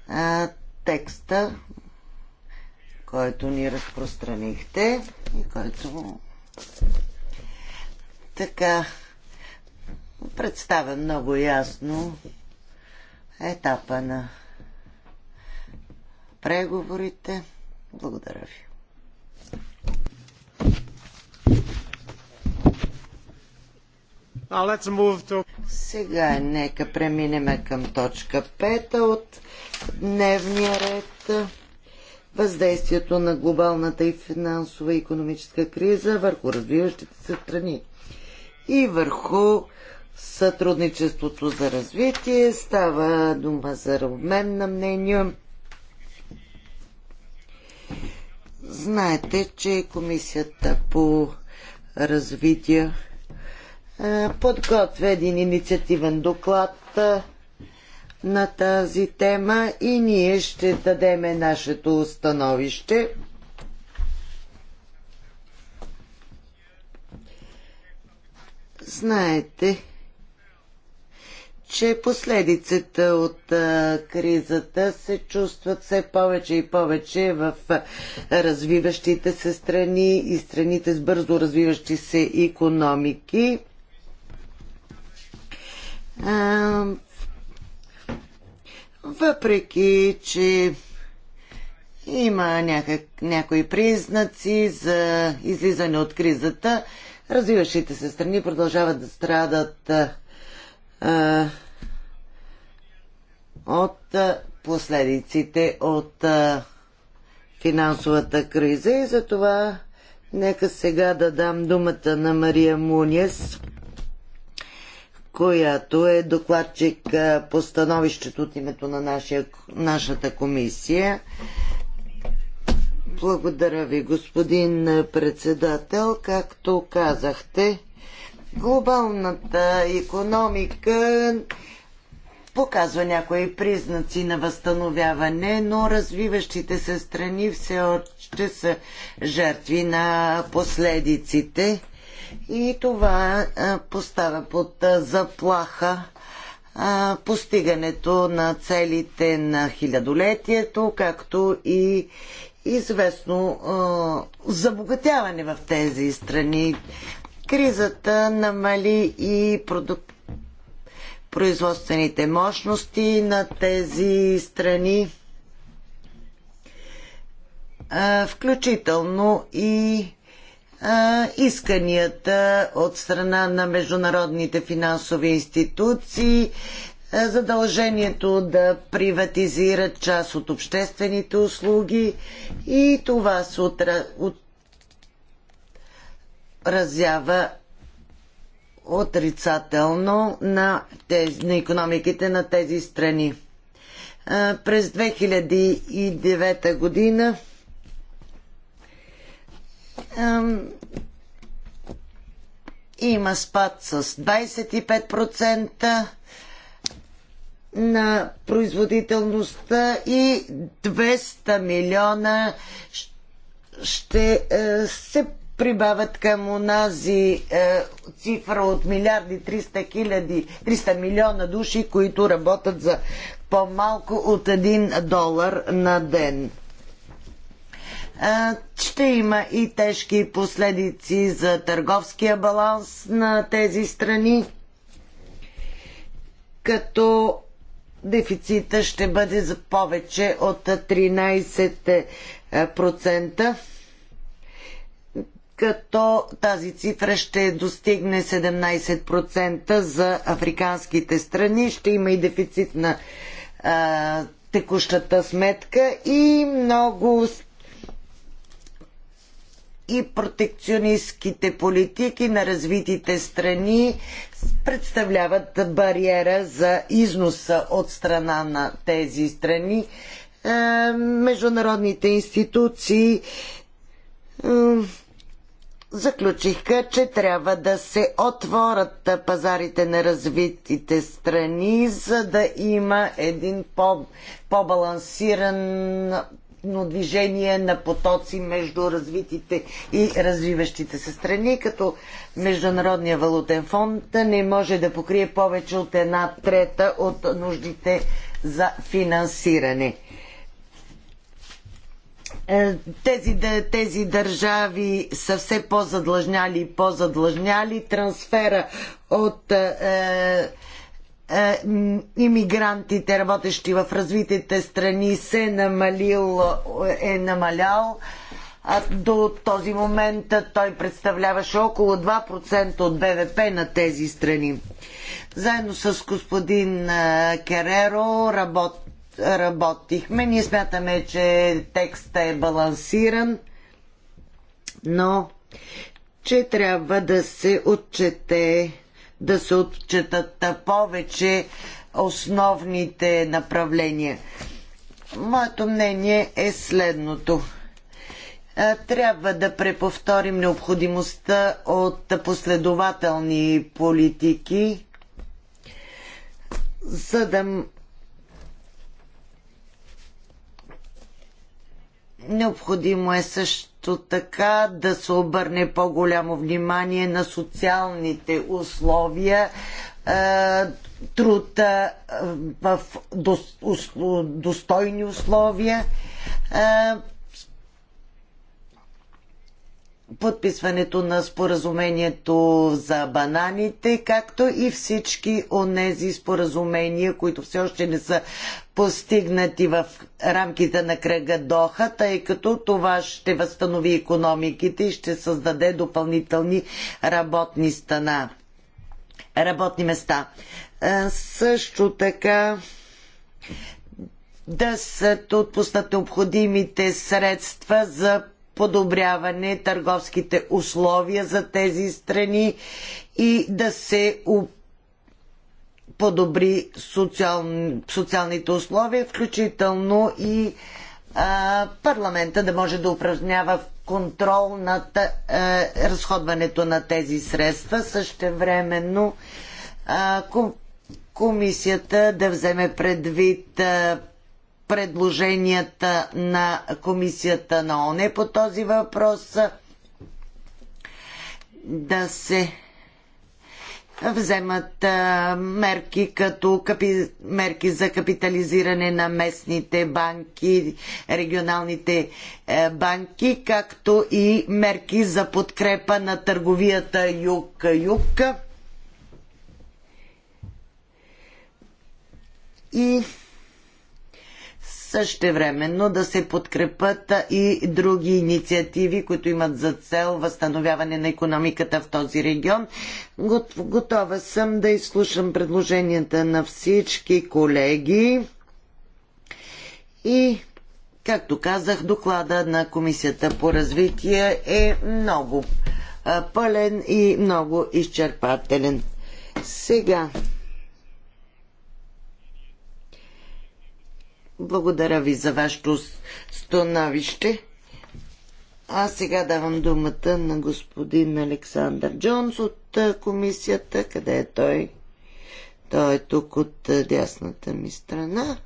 а, текста, който ни разпространихте и който така представя много ясно етапа на преговорите. Благодаря ви. Сега нека преминем към точка 5 от дневния ред. Въздействието на глобалната и финансова и економическа криза върху развиващите се страни и върху сътрудничеството за развитие. Става дума за обмен на мнения. Знаете, че комисията по развитие е, подготвя един инициативен доклад е, на тази тема и ние ще дадеме нашето установище. Знаете, че последиците от а, е, кризата се чувстват все повече и повече в а, развиващите се страни и страните с бързо развиващи се економики въпреки, че има някак, някои признаци за излизане от кризата, развиващите се страни продължават да страдат а, от последиците от а, финансовата криза и затова нека сега да дам думата на Мария Муниес която е докладчик по становището от името на нашия, нашата комисия. Благодаря ви, господин председател. Както казахте, глобалната економика показва някои признаци на възстановяване, но развиващите се страни все още са жертви на последиците и това поставя под заплаха постигането на целите на хилядолетието, както и известно забогатяване в тези страни. Кризата намали и продук... производствените мощности на тези страни, включително и исканията от страна на международните финансови институции, задължението да приватизират част от обществените услуги и това се отразява отрицателно на, тези, на економиките на тези страни. През 2009 година има спад с 25% на производителността и 200 милиона ще е, се прибавят към онази е, цифра от милиарди 300 хиляди, 300 милиона души, които работят за по-малко от 1 долар на ден ще има и тежки последици за търговския баланс на тези страни, като дефицита ще бъде за повече от 13%, като тази цифра ще достигне 17% за африканските страни. Ще има и дефицит на а, текущата сметка и много и протекционистските политики на развитите страни представляват бариера за износа от страна на тези страни. Е, международните институции е, заключиха, че трябва да се отворят пазарите на развитите страни, за да има един по- по-балансиран но движение на потоци между развитите и развиващите се страни, като Международния валутен фонд не може да покрие повече от една трета от нуждите за финансиране. Е, тези, тези държави са все по-задлъжняли и по-задлъжняли. Трансфера от е, е, иммигрантите, работещи в развитите страни, се намалил, е намалял. А до този момент той представляваше около 2% от БВП на тези страни. Заедно с господин е, Кереро работ, работихме. Ние смятаме, че текста е балансиран, но че трябва да се отчете да се отчетат повече основните направления. Моето мнение е следното. Трябва да преповторим необходимостта от последователни политики, за да Необходимо е също също така да се обърне по-голямо внимание на социалните условия, е, труд е, в достойни условия, е, подписването на споразумението за бананите, както и всички онези споразумения, които все още не са постигнати в рамките на кръга Доха, тъй като това ще възстанови економиките и ще създаде допълнителни работни стана, работни места. също така да се отпуснат необходимите средства за подобряване търговските условия за тези страни и да се подобри социал... социалните условия, включително и а, парламента да може да упражнява контрол над а, разходването на тези средства. Същевременно а, комисията да вземе предвид а, предложенията на комисията на ОНЕ по този въпрос да се вземат мерки като капи, мерки за капитализиране на местните банки, регионалните е, банки, както и мерки за подкрепа на търговията юг-юг. И същевременно да се подкрепят и други инициативи, които имат за цел възстановяване на економиката в този регион. Готова съм да изслушам предложенията на всички колеги и Както казах, доклада на Комисията по развитие е много пълен и много изчерпателен. Сега Благодаря ви за вашето становище. А сега давам думата на господин Александър Джонс от комисията. Къде е той? Той е тук от дясната ми страна.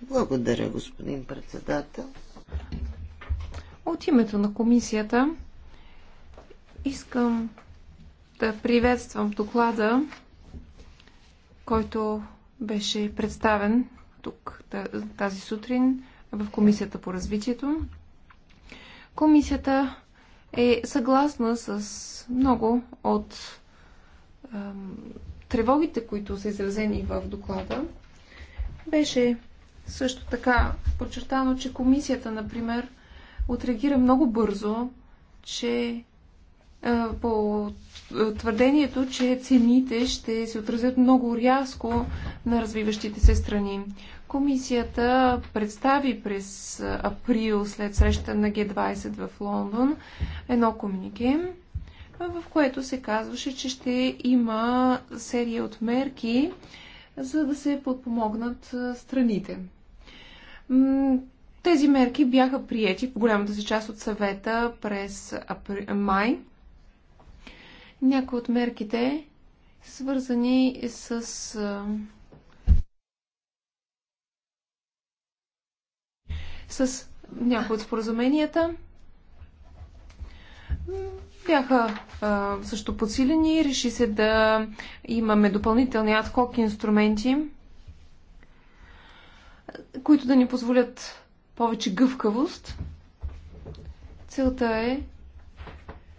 Благодаря, господин председател. От името на комисията искам да приветствам доклада който беше представен тук тази сутрин в Комисията по развитието. Комисията е съгласна с много от е, тревогите, които са изразени в доклада. Беше също така подчертано, че комисията, например, отреагира много бързо, че е, по твърдението, че цените ще се отразят много рязко на развиващите се страни. Комисията представи през април след среща на Г20 в Лондон едно комюнике, в което се казваше, че ще има серия от мерки, за да се подпомогнат е, страните. Тези мерки бяха приети в голямата си част от съвета през апр... май някои от мерките, свързани с с някои от споразуменията. Бяха а, също подсилени. Реши се да имаме допълнителни адхок инструменти, които да ни позволят повече гъвкавост. Целта е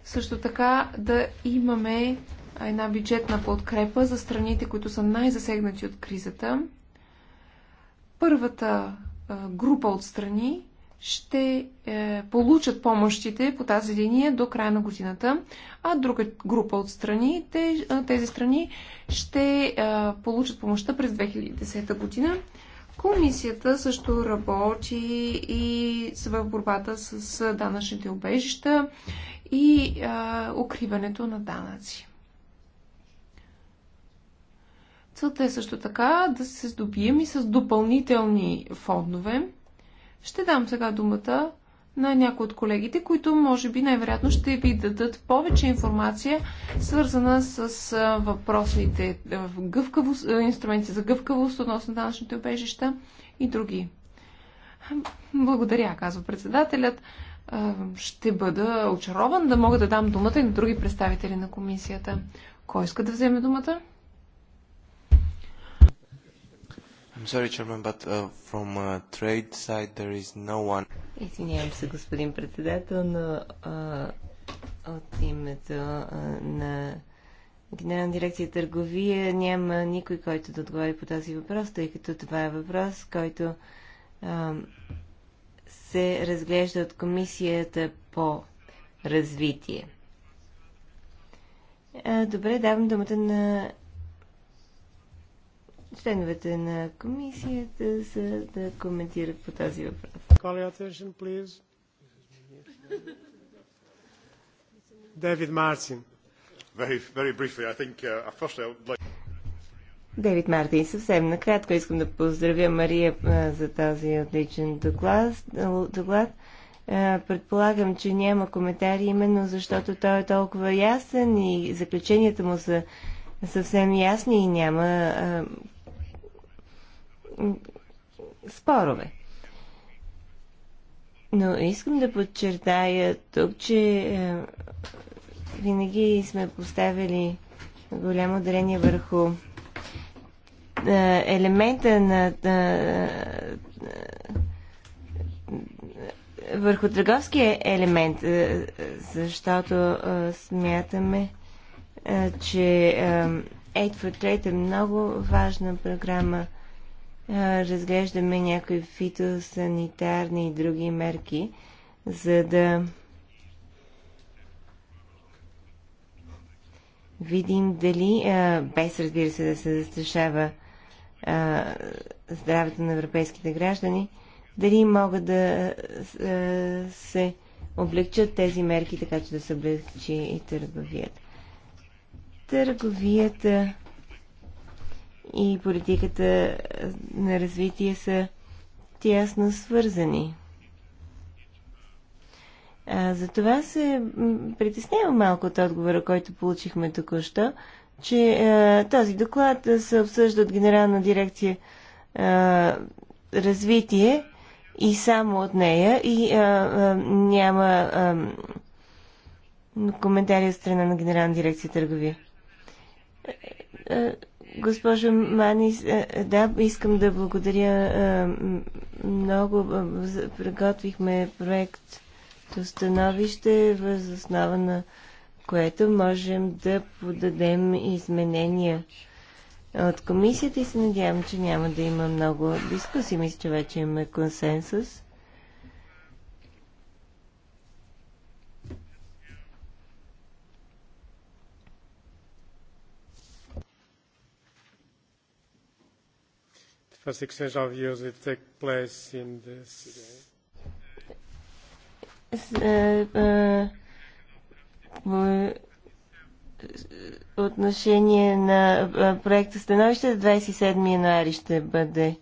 също така да имаме една бюджетна подкрепа за страните, които са най-засегнати от кризата. Първата група от страни ще е, получат помощите по тази линия до края на годината, а друга група от страни, тези страни ще получат помощта през 2010 година. Комисията също работи и в борбата с данъчните обежища и а, укриването на данъци. Целта е също така да се здобием и с допълнителни фондове. Ще дам сега думата на някои от колегите, които може би най-вероятно ще ви дадат повече информация, свързана с въпросните гъвкавост, инструменти за гъвкавост относно данъчните обежища и други. Благодаря, казва председателят ще бъда очарован да мога да дам думата и на други представители на комисията. Кой иска да вземе думата? I'm sorry, Chairman, but uh, from uh, trade side there is no one. Извинявам се, господин председател, но uh, от името uh, на Генерална дирекция търговия няма никой, който да отговори по този въпрос, тъй като това е въпрос, който uh, се разглежда от Комисията по развитие. Добре, давам думата на членовете на комисията, за да коментират по този въпрос. Давид Martin. Very, very briefly, I think uh, firstly, I would like... Девид Мартин, съвсем накратко искам да поздравя Мария за този отличен доклад. доклад. Предполагам, че няма коментари, именно защото той е толкова ясен и заключенията му са съвсем ясни и няма а, спорове. Но искам да подчертая тук, че а, винаги сме поставили голямо дарение върху е, елемента на е, върху търговския елемент, е, защото смятаме, че Aid for Trade е много важна програма. Разглеждаме някои фитосанитарни и други мерки, за да видим дали, без разбира се да се застрашава а, здравето на европейските граждани, дали могат да а, се облегчат тези мерки, така че да се облегчи и търговията. Търговията и политиката на развитие са тясно свързани. А, за това се притеснявам малко от отговора, който получихме току-що, че е, този доклад се обсъжда от Генерална дирекция е, развитие и само от нея и е, е, няма е, коментари от страна на Генерална дирекция търговия. Е, е, госпожо Манис, е, да, искам да благодаря много. Приготвихме проект становище възоснова на което можем да подадем изменения от комисията и се надявам, че няма да има много дискусии. Мисля, че вече имаме консенсус. place in this. Uh, uh, по е, е, отношение на е, проекта становище 27 януари ще бъде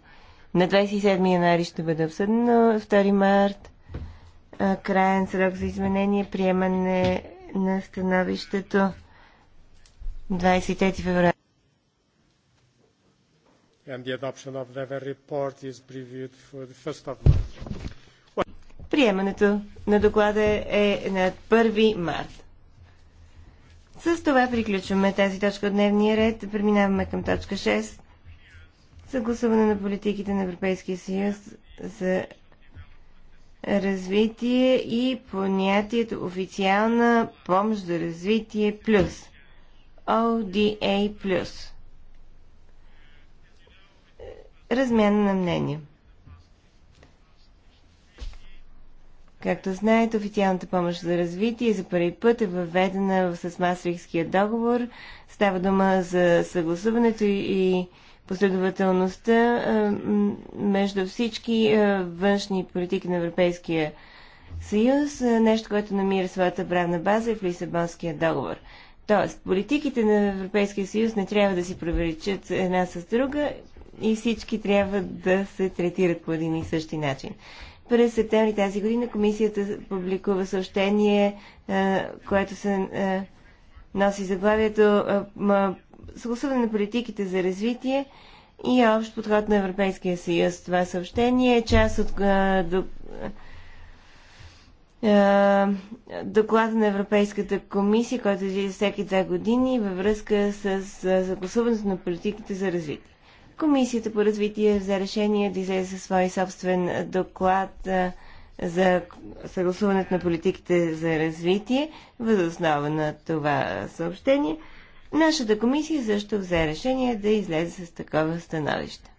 на 27 януари ще бъде обсъдено, 2 март краен срок за изменение, приемане на становището 23 февруари. And the adoption of the report is previewed for the 1st of March. Приемането на доклада е на 1 март. С това приключваме тази точка от дневния ред. Преминаваме към точка 6. Съгласуване на политиките на Европейския съюз за развитие и понятието официална помощ за развитие плюс. ODA плюс. Размяна на мнения. Както знаете, официалната помощ за развитие за първи път е въведена с Масрихския договор. Става дума за съгласуването и последователността между всички външни политики на Европейския съюз, нещо, което намира своята правна база е в Лисабонския договор. Тоест, политиките на Европейския съюз не трябва да си проверичат една с друга и всички трябва да се третират по един и същи начин. През септември тази година комисията публикува съобщение, е, което се е, носи заглавието е, Съгласуване на политиките за развитие и общ подход на Европейския съюз. Това съобщение е част от доклада на Европейската комисия, който излиза всеки две години във връзка с съгласуването на политиките за развитие. Комисията по развитие взе решение да излезе със свой собствен доклад за съгласуването на политиките за развитие, възоснова на това съобщение. Нашата комисия също взе решение да излезе с такова становище.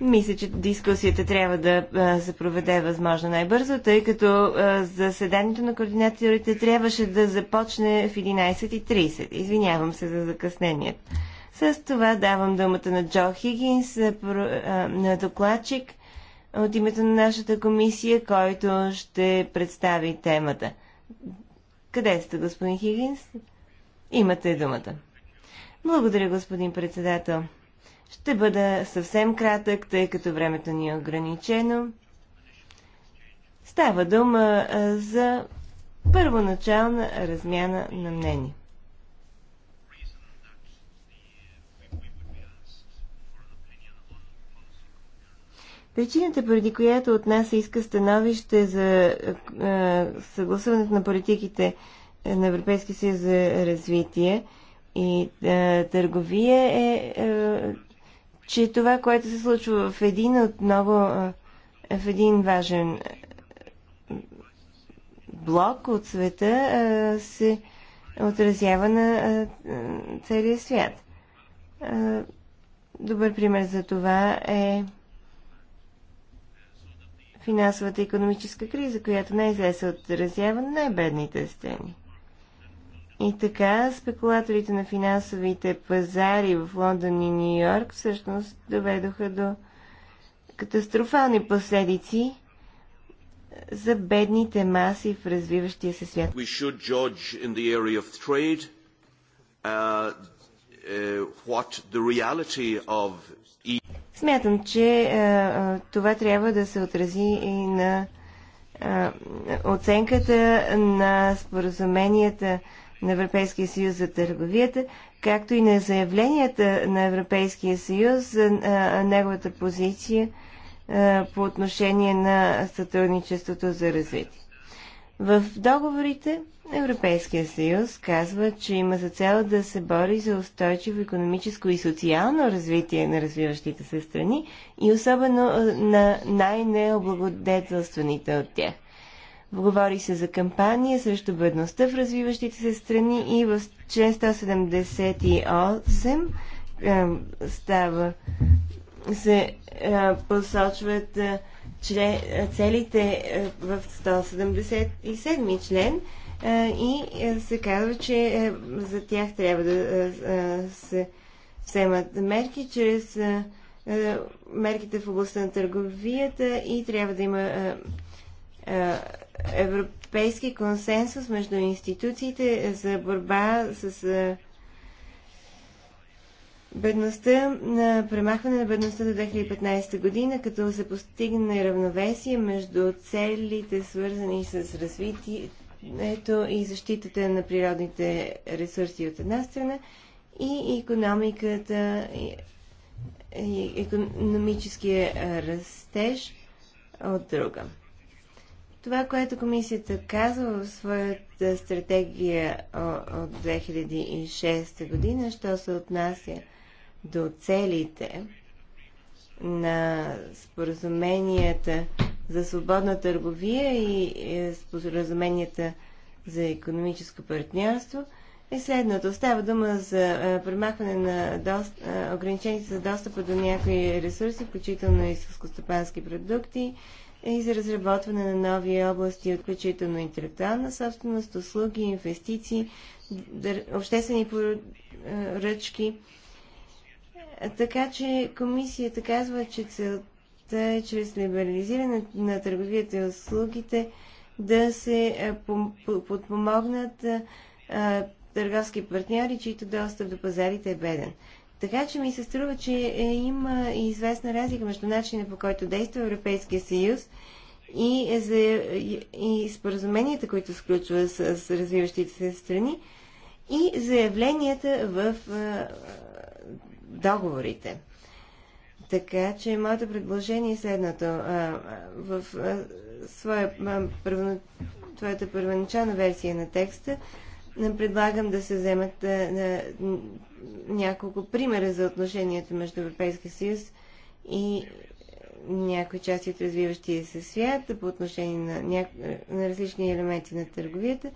Мисля, че дискусията трябва да се проведе възможно най-бързо, тъй като заседанието на координаторите трябваше да започне в 11.30. Извинявам се за закъснението. С това давам думата на Джо Хигинс, на докладчик от името на нашата комисия, който ще представи темата. Къде сте, господин Хигинс? Имате думата. Благодаря, господин председател. Ще бъда съвсем кратък, тъй като времето ни е ограничено. Става дума за първоначална размяна на мнение. Причината, поради която от нас се иска становище за съгласуването на политиките на Европейския съюз за развитие и търговия е че това, което се случва в един от много, в един важен блок от света, се отразява на целия свят. Добър пример за това е финансовата и економическа криза, която най-зле се отразява на най-бедните страни. И така, спекулаторите на финансовите пазари в Лондон и Нью Йорк всъщност доведоха до катастрофални последици за бедните маси в развиващия се свят. Trade, uh, uh, of... E- Смятам, че а, uh, uh, това трябва да се отрази и на uh, оценката на споразуменията на Европейския съюз за търговията, както и на заявленията на Европейския съюз за неговата позиция по отношение на сътрудничеството за развитие. В договорите Европейския съюз казва, че има за цел да се бори за устойчиво економическо и социално развитие на развиващите се страни и особено на най-необлагодетелстваните от тях. Говори се за кампания срещу бедността в развиващите се страни и в член 178 е, става се е, посочват е, целите е, в 177 член е, и е, се казва, че за тях трябва да се вземат мерки чрез мерките в областта на търговията и трябва да има европейски консенсус между институциите за борба с бедността, на премахване на бедността до 2015 година, като се постигне равновесие между целите, свързани с развитието и защитата на природните ресурси от една страна и економиката и економическия растеж от друга. Това, което комисията казва в своята стратегия от 2006 година, що се отнася до целите на споразуменията за свободна търговия и е, споразуменията за економическо партньорство, е следното. Става дума за е, премахване на дост... Е, ограниченията за достъпа до някои ресурси, включително и сълскостопански продукти, е и за разработване на нови области, отключително интелектуална собственост, услуги, инвестиции, обществени поръчки. Е, така че комисията казва, че целта е чрез либерализиране на търговията и услугите да се е, подпомогнат търговски партньори, чието достъп до пазарите е беден. Така че ми се струва, че е, има известна разлика между начина по който действа Европейския съюз и, е, за, е, и споразуменията, които сключва с, с развиващите се страни и заявленията в е, договорите. Така че моето предложение е следното. А, в а, своя, а, първо, твоята първоначална версия на текста предлагам да се вземат а, на, няколко примера за отношенията между Европейския съюз и някои части от развиващия се свят по отношение на, ня... на различни елементи на търговията.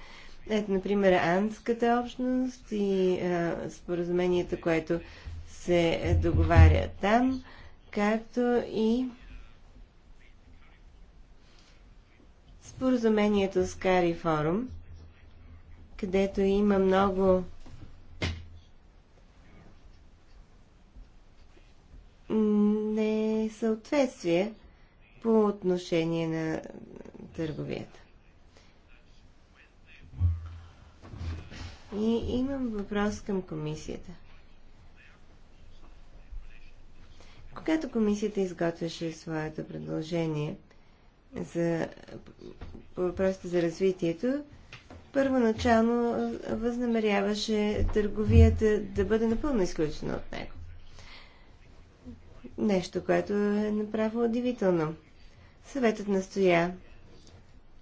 Ето, например, Андската общност и а, споразумението, което се договаря там, както и споразумението с Кари Форум, където има много несъответствие по отношение на търговията. И имам въпрос към комисията. Когато комисията изготвяше своето предложение за по въпросите за развитието, първоначално възнамеряваше търговията да бъде напълно изключена от него. Нещо, което е направо удивително. Съветът настоя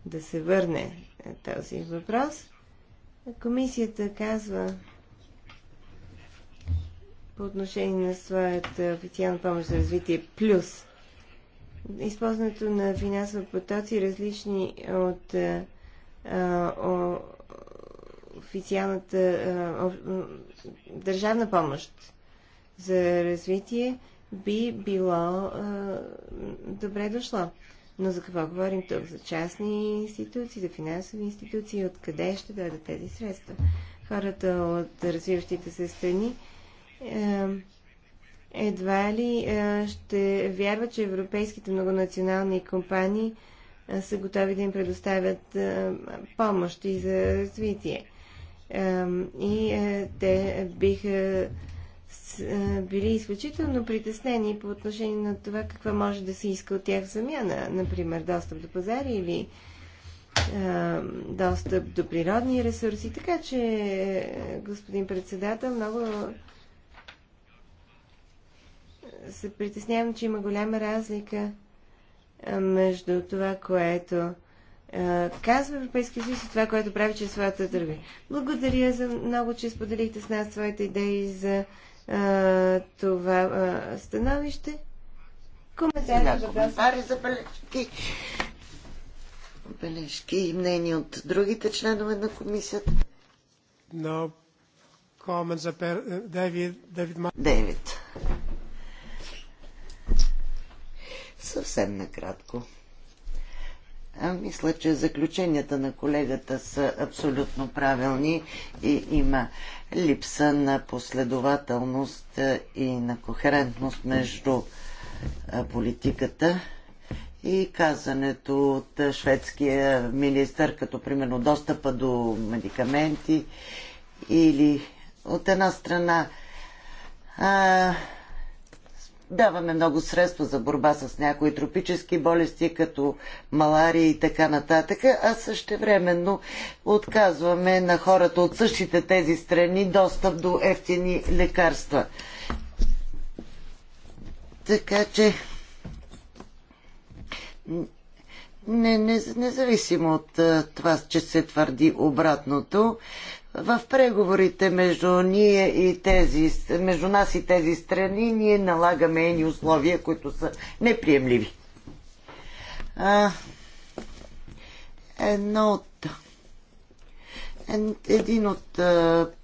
да се върне този въпрос. Комисията казва по отношение на своята официална помощ за развитие плюс използването на финансови потоци, различни от а, о, официалната а, о, държавна помощ за развитие, би било а, добре дошло. Но за какво говорим тук? За частни институции, за финансови институции, откъде ще дойдат тези средства? Хората от развиващите се страни е, едва ли е, ще вярват, че европейските многонационални компании е, са готови да им предоставят помощ и за развитие. И те биха били изключително притеснени по отношение на това какво може да се иска от тях замяна, например достъп до пазари или а, достъп до природни ресурси. Така че, господин председател, много се притеснявам, че има голяма разлика между това, което казва Европейския съюз и това, което прави чрез своята търга. Благодаря за много, че споделихте с нас своите идеи за а, това а, становище. Коментари, за коментари, за Бележки и мнения от другите членове на комисията. No comments per David, David. David. Съвсем накратко. Мисля, че заключенията на колегата са абсолютно правилни и има липса на последователност и на кохерентност между политиката и казането от шведския министър, като примерно достъпа до медикаменти или от една страна а, даваме много средства за борба с някои тропически болести, като малария и така нататък, а същевременно отказваме на хората от същите тези страни достъп до ефтини лекарства. Така че не, не, независимо от това, че се твърди обратното, в преговорите между, ние и тези, между нас и тези страни ние налагаме едни условия, които са неприемливи. А, едно от един от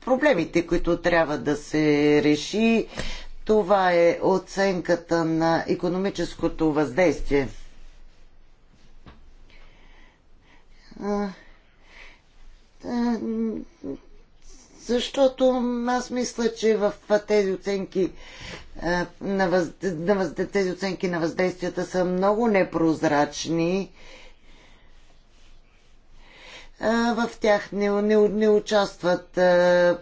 проблемите, които трябва да се реши, това е оценката на економическото въздействие. Е, защото аз мисля, че в тези оценки е, на, въз... на въз... тези оценки на въздействията са много непрозрачни. Е, в тях не, не, не участват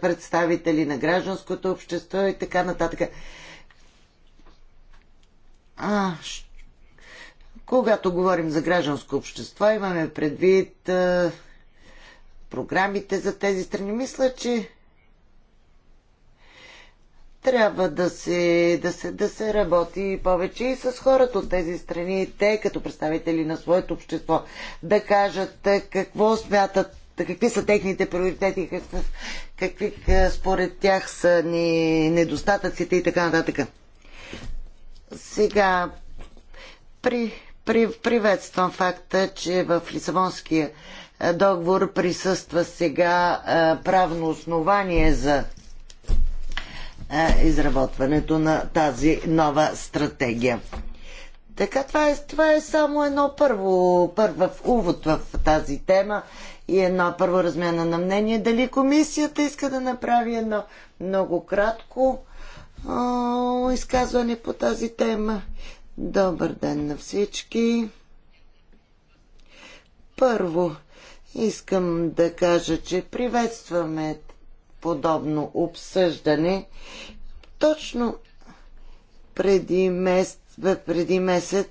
представители на гражданското общество и така нататък. А, когато говорим за гражданско общество, имаме предвид програмите за тези страни. Мисля, че трябва да се, да се, да се работи повече и с хората от тези страни, те като представители на своето общество, да кажат е, какво смятат, какви са техните приоритети, какви, какви е, според тях са ни недостатъците и така нататък. Сега при, при, приветствам факта, че в Лисабонския договор присъства сега правно основание за изработването на тази нова стратегия. Така, това е, това е само едно първо, първа увод в тази тема и едно първо размяна на мнение. Дали комисията иска да направи едно много кратко о, изказване по тази тема? Добър ден на всички! Първо, Искам да кажа, че приветстваме подобно обсъждане. Точно преди, месец, преди месец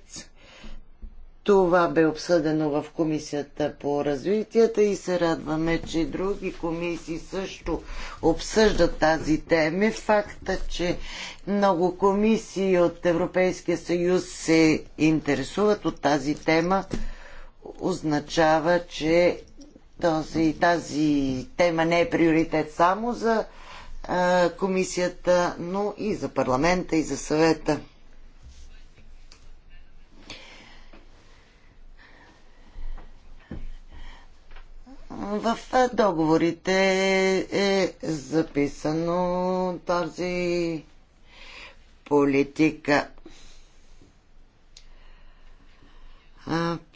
това бе обсъдено в Комисията по развитията и се радваме, че други комисии също обсъждат тази тема. Факта, че много комисии от Европейския съюз се интересуват от тази тема, означава, че този, тази тема не е приоритет само за а, комисията, но и за парламента и за съвета. В договорите е записано тази политика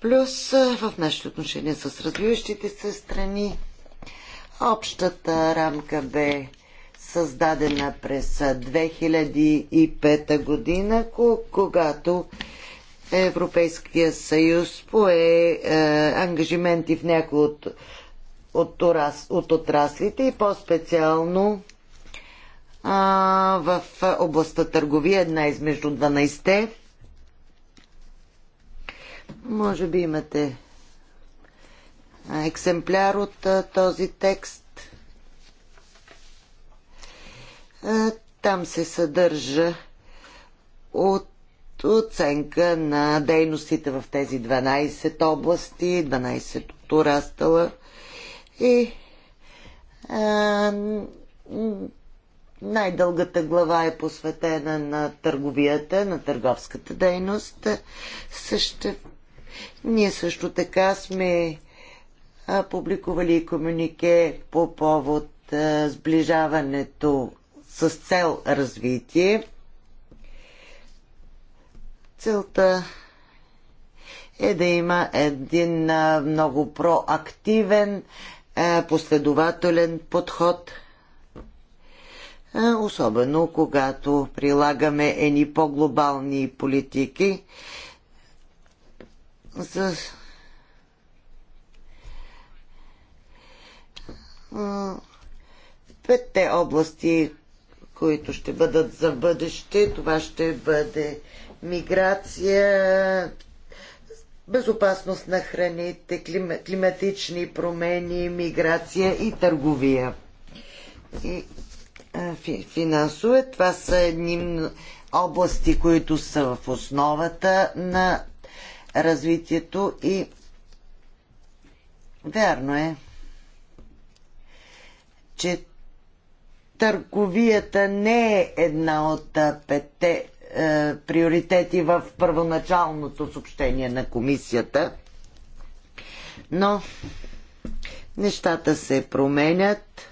Плюс в нашите отношения с развиващите се страни общата рамка бе създадена през 2005 година, когато Европейския съюз пое ангажименти в някои от, от, от отраслите и по-специално в областта търговия, една измежду 12-те може би имате екземпляр от този текст. Там се съдържа от оценка на дейностите в тези 12 области, 12 урастала, и най-дългата глава е посветена на търговията, на търговската дейност. Също ние също така сме публикували комюнике по повод сближаването с цел развитие. Целта е да има един много проактивен, последователен подход, особено когато прилагаме едни по-глобални политики за петте области, които ще бъдат за бъдеще. Това ще бъде миграция, безопасност на храните, климатични промени, миграция и търговия. И финансове. Това са едни области, които са в основата на развитието и вярно е, че търговията не е една от петте е, приоритети в първоначалното съобщение на комисията, но нещата се променят.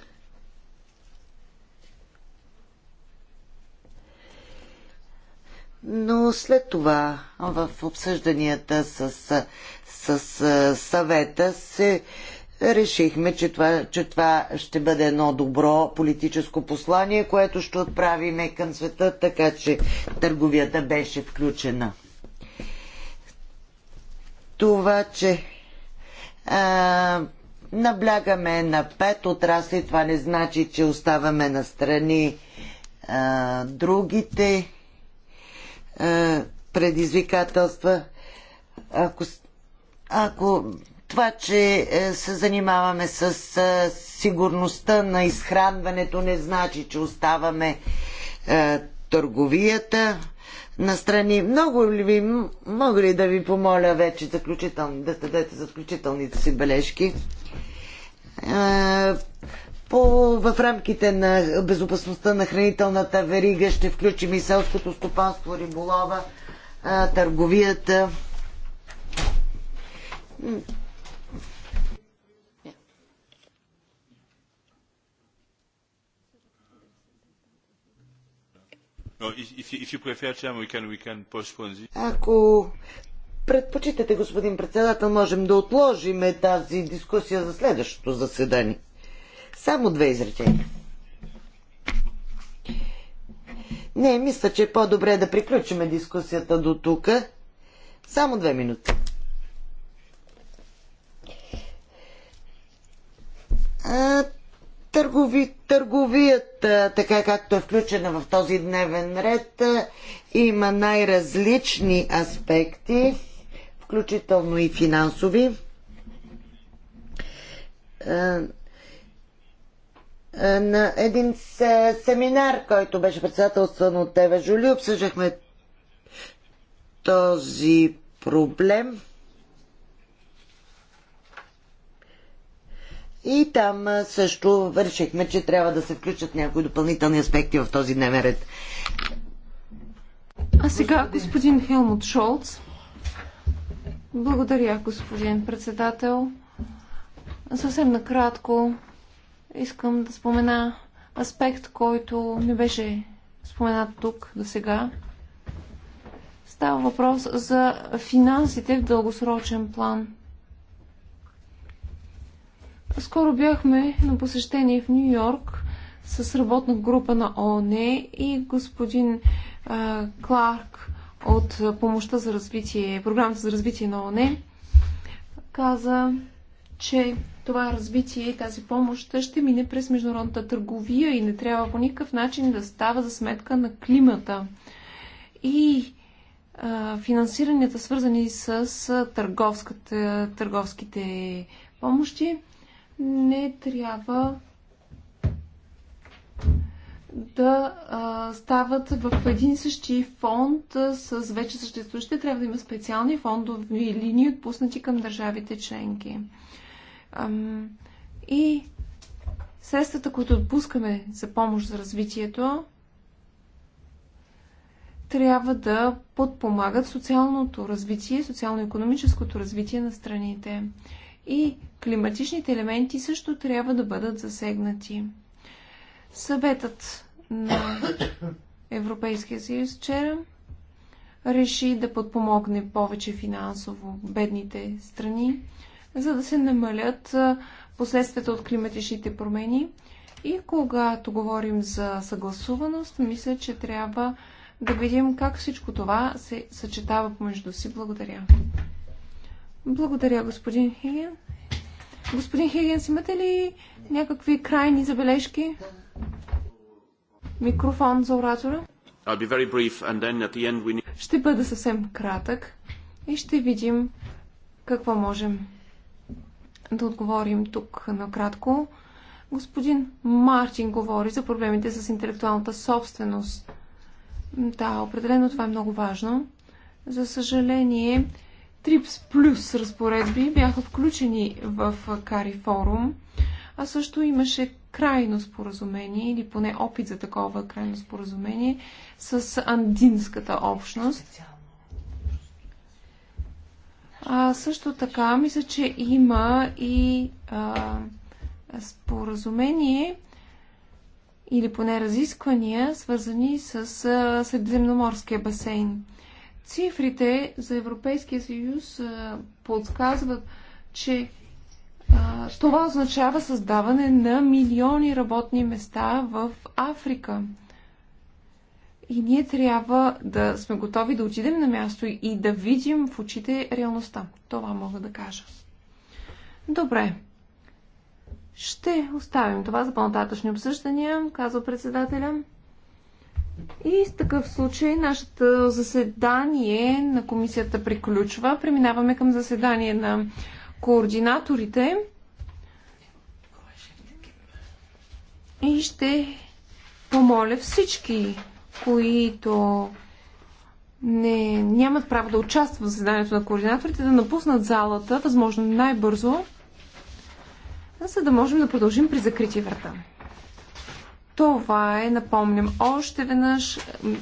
Но след това в обсъжданията с, с, с съвета се решихме, че това, че това ще бъде едно добро политическо послание, което ще отправиме към света, така че търговията беше включена. Това, че а, наблягаме на пет отрасли, това не значи, че оставаме настрани а, другите е, предизвикателства. Ако, ако това, че е, се занимаваме с е, сигурността на изхранването, не значи, че оставаме търговията настрани. Много ли ви, мога ли да ви помоля вече заключителни, да дадете заключителните си бележки? по, в рамките на безопасността на хранителната верига ще включим и селското стопанство, риболова, търговията. Ако предпочитате, господин председател, можем да отложим тази дискусия за следващото заседание. Само две изречения. Не, мисля, че е по-добре да приключиме дискусията до тук. Само две минути. А, търгови, търговията, така както е включена в този дневен ред, има най-различни аспекти, включително и финансови. Е, на един семинар, който беше председателстван от Ева Жули. Обсъждахме този проблем. И там е, също вършихме, че трябва да се включат някои допълнителни аспекти в този дневен ред. А сега господин Хилмут Шолц. Благодаря, господин председател. Съвсем накратко искам да спомена аспект, който не беше споменат тук до сега. Става въпрос за финансите в дългосрочен план. Скоро бяхме на посещение в Нью Йорк с работна група на ООН и господин а, Кларк от помощта за развитие, програмата за развитие на ООН каза, че това развитие и тази помощ ще мине през международната търговия и не трябва по никакъв начин да става за сметка на климата. И а, финансиранията, свързани с търговските помощи, не трябва да а, стават в един същи фонд а, с вече съществуващите. Трябва да има специални фондови линии, отпуснати към държавите членки. Ам, и средствата, които отпускаме за помощ за развитието, трябва да подпомагат социалното развитие, социално-економическото развитие на страните. И климатичните елементи също трябва да бъдат засегнати. Съветът на Европейския съюз вчера реши да подпомогне повече финансово бедните страни за да се намалят последствията от климатичните промени. И когато говорим за съгласуваност, мисля, че трябва да видим как всичко това се съчетава помежду си. Благодаря. Благодаря, господин Хиген. Господин Хигенс, имате ли някакви крайни забележки? Микрофон за оратора. We... Ще бъда съвсем кратък и ще видим какво можем да отговорим тук накратко. Господин Мартин говори за проблемите с интелектуалната собственост. Да, определено това е много важно. За съжаление, Трипс плюс разпоредби бяха включени в Кари форум, а също имаше крайно споразумение или поне опит за такова крайно споразумение с андинската общност. А, също така, мисля, че има и а, споразумение или поне разисквания, свързани с Средиземноморския басейн. Цифрите за Европейския съюз а, подсказват, че а, това означава създаване на милиони работни места в Африка. И ние трябва да сме готови да отидем на място и да видим в очите реалността. Това мога да кажа. Добре. Ще оставим това за по-нататъчни обсъждания, казва председателя. И с такъв случай нашето заседание на комисията приключва. Преминаваме към заседание на координаторите. И ще помоля всички които не, нямат право да участват в заседанието на координаторите, да напуснат залата, възможно най-бързо, за да можем да продължим при закрити врата. Това е, напомням, още веднъж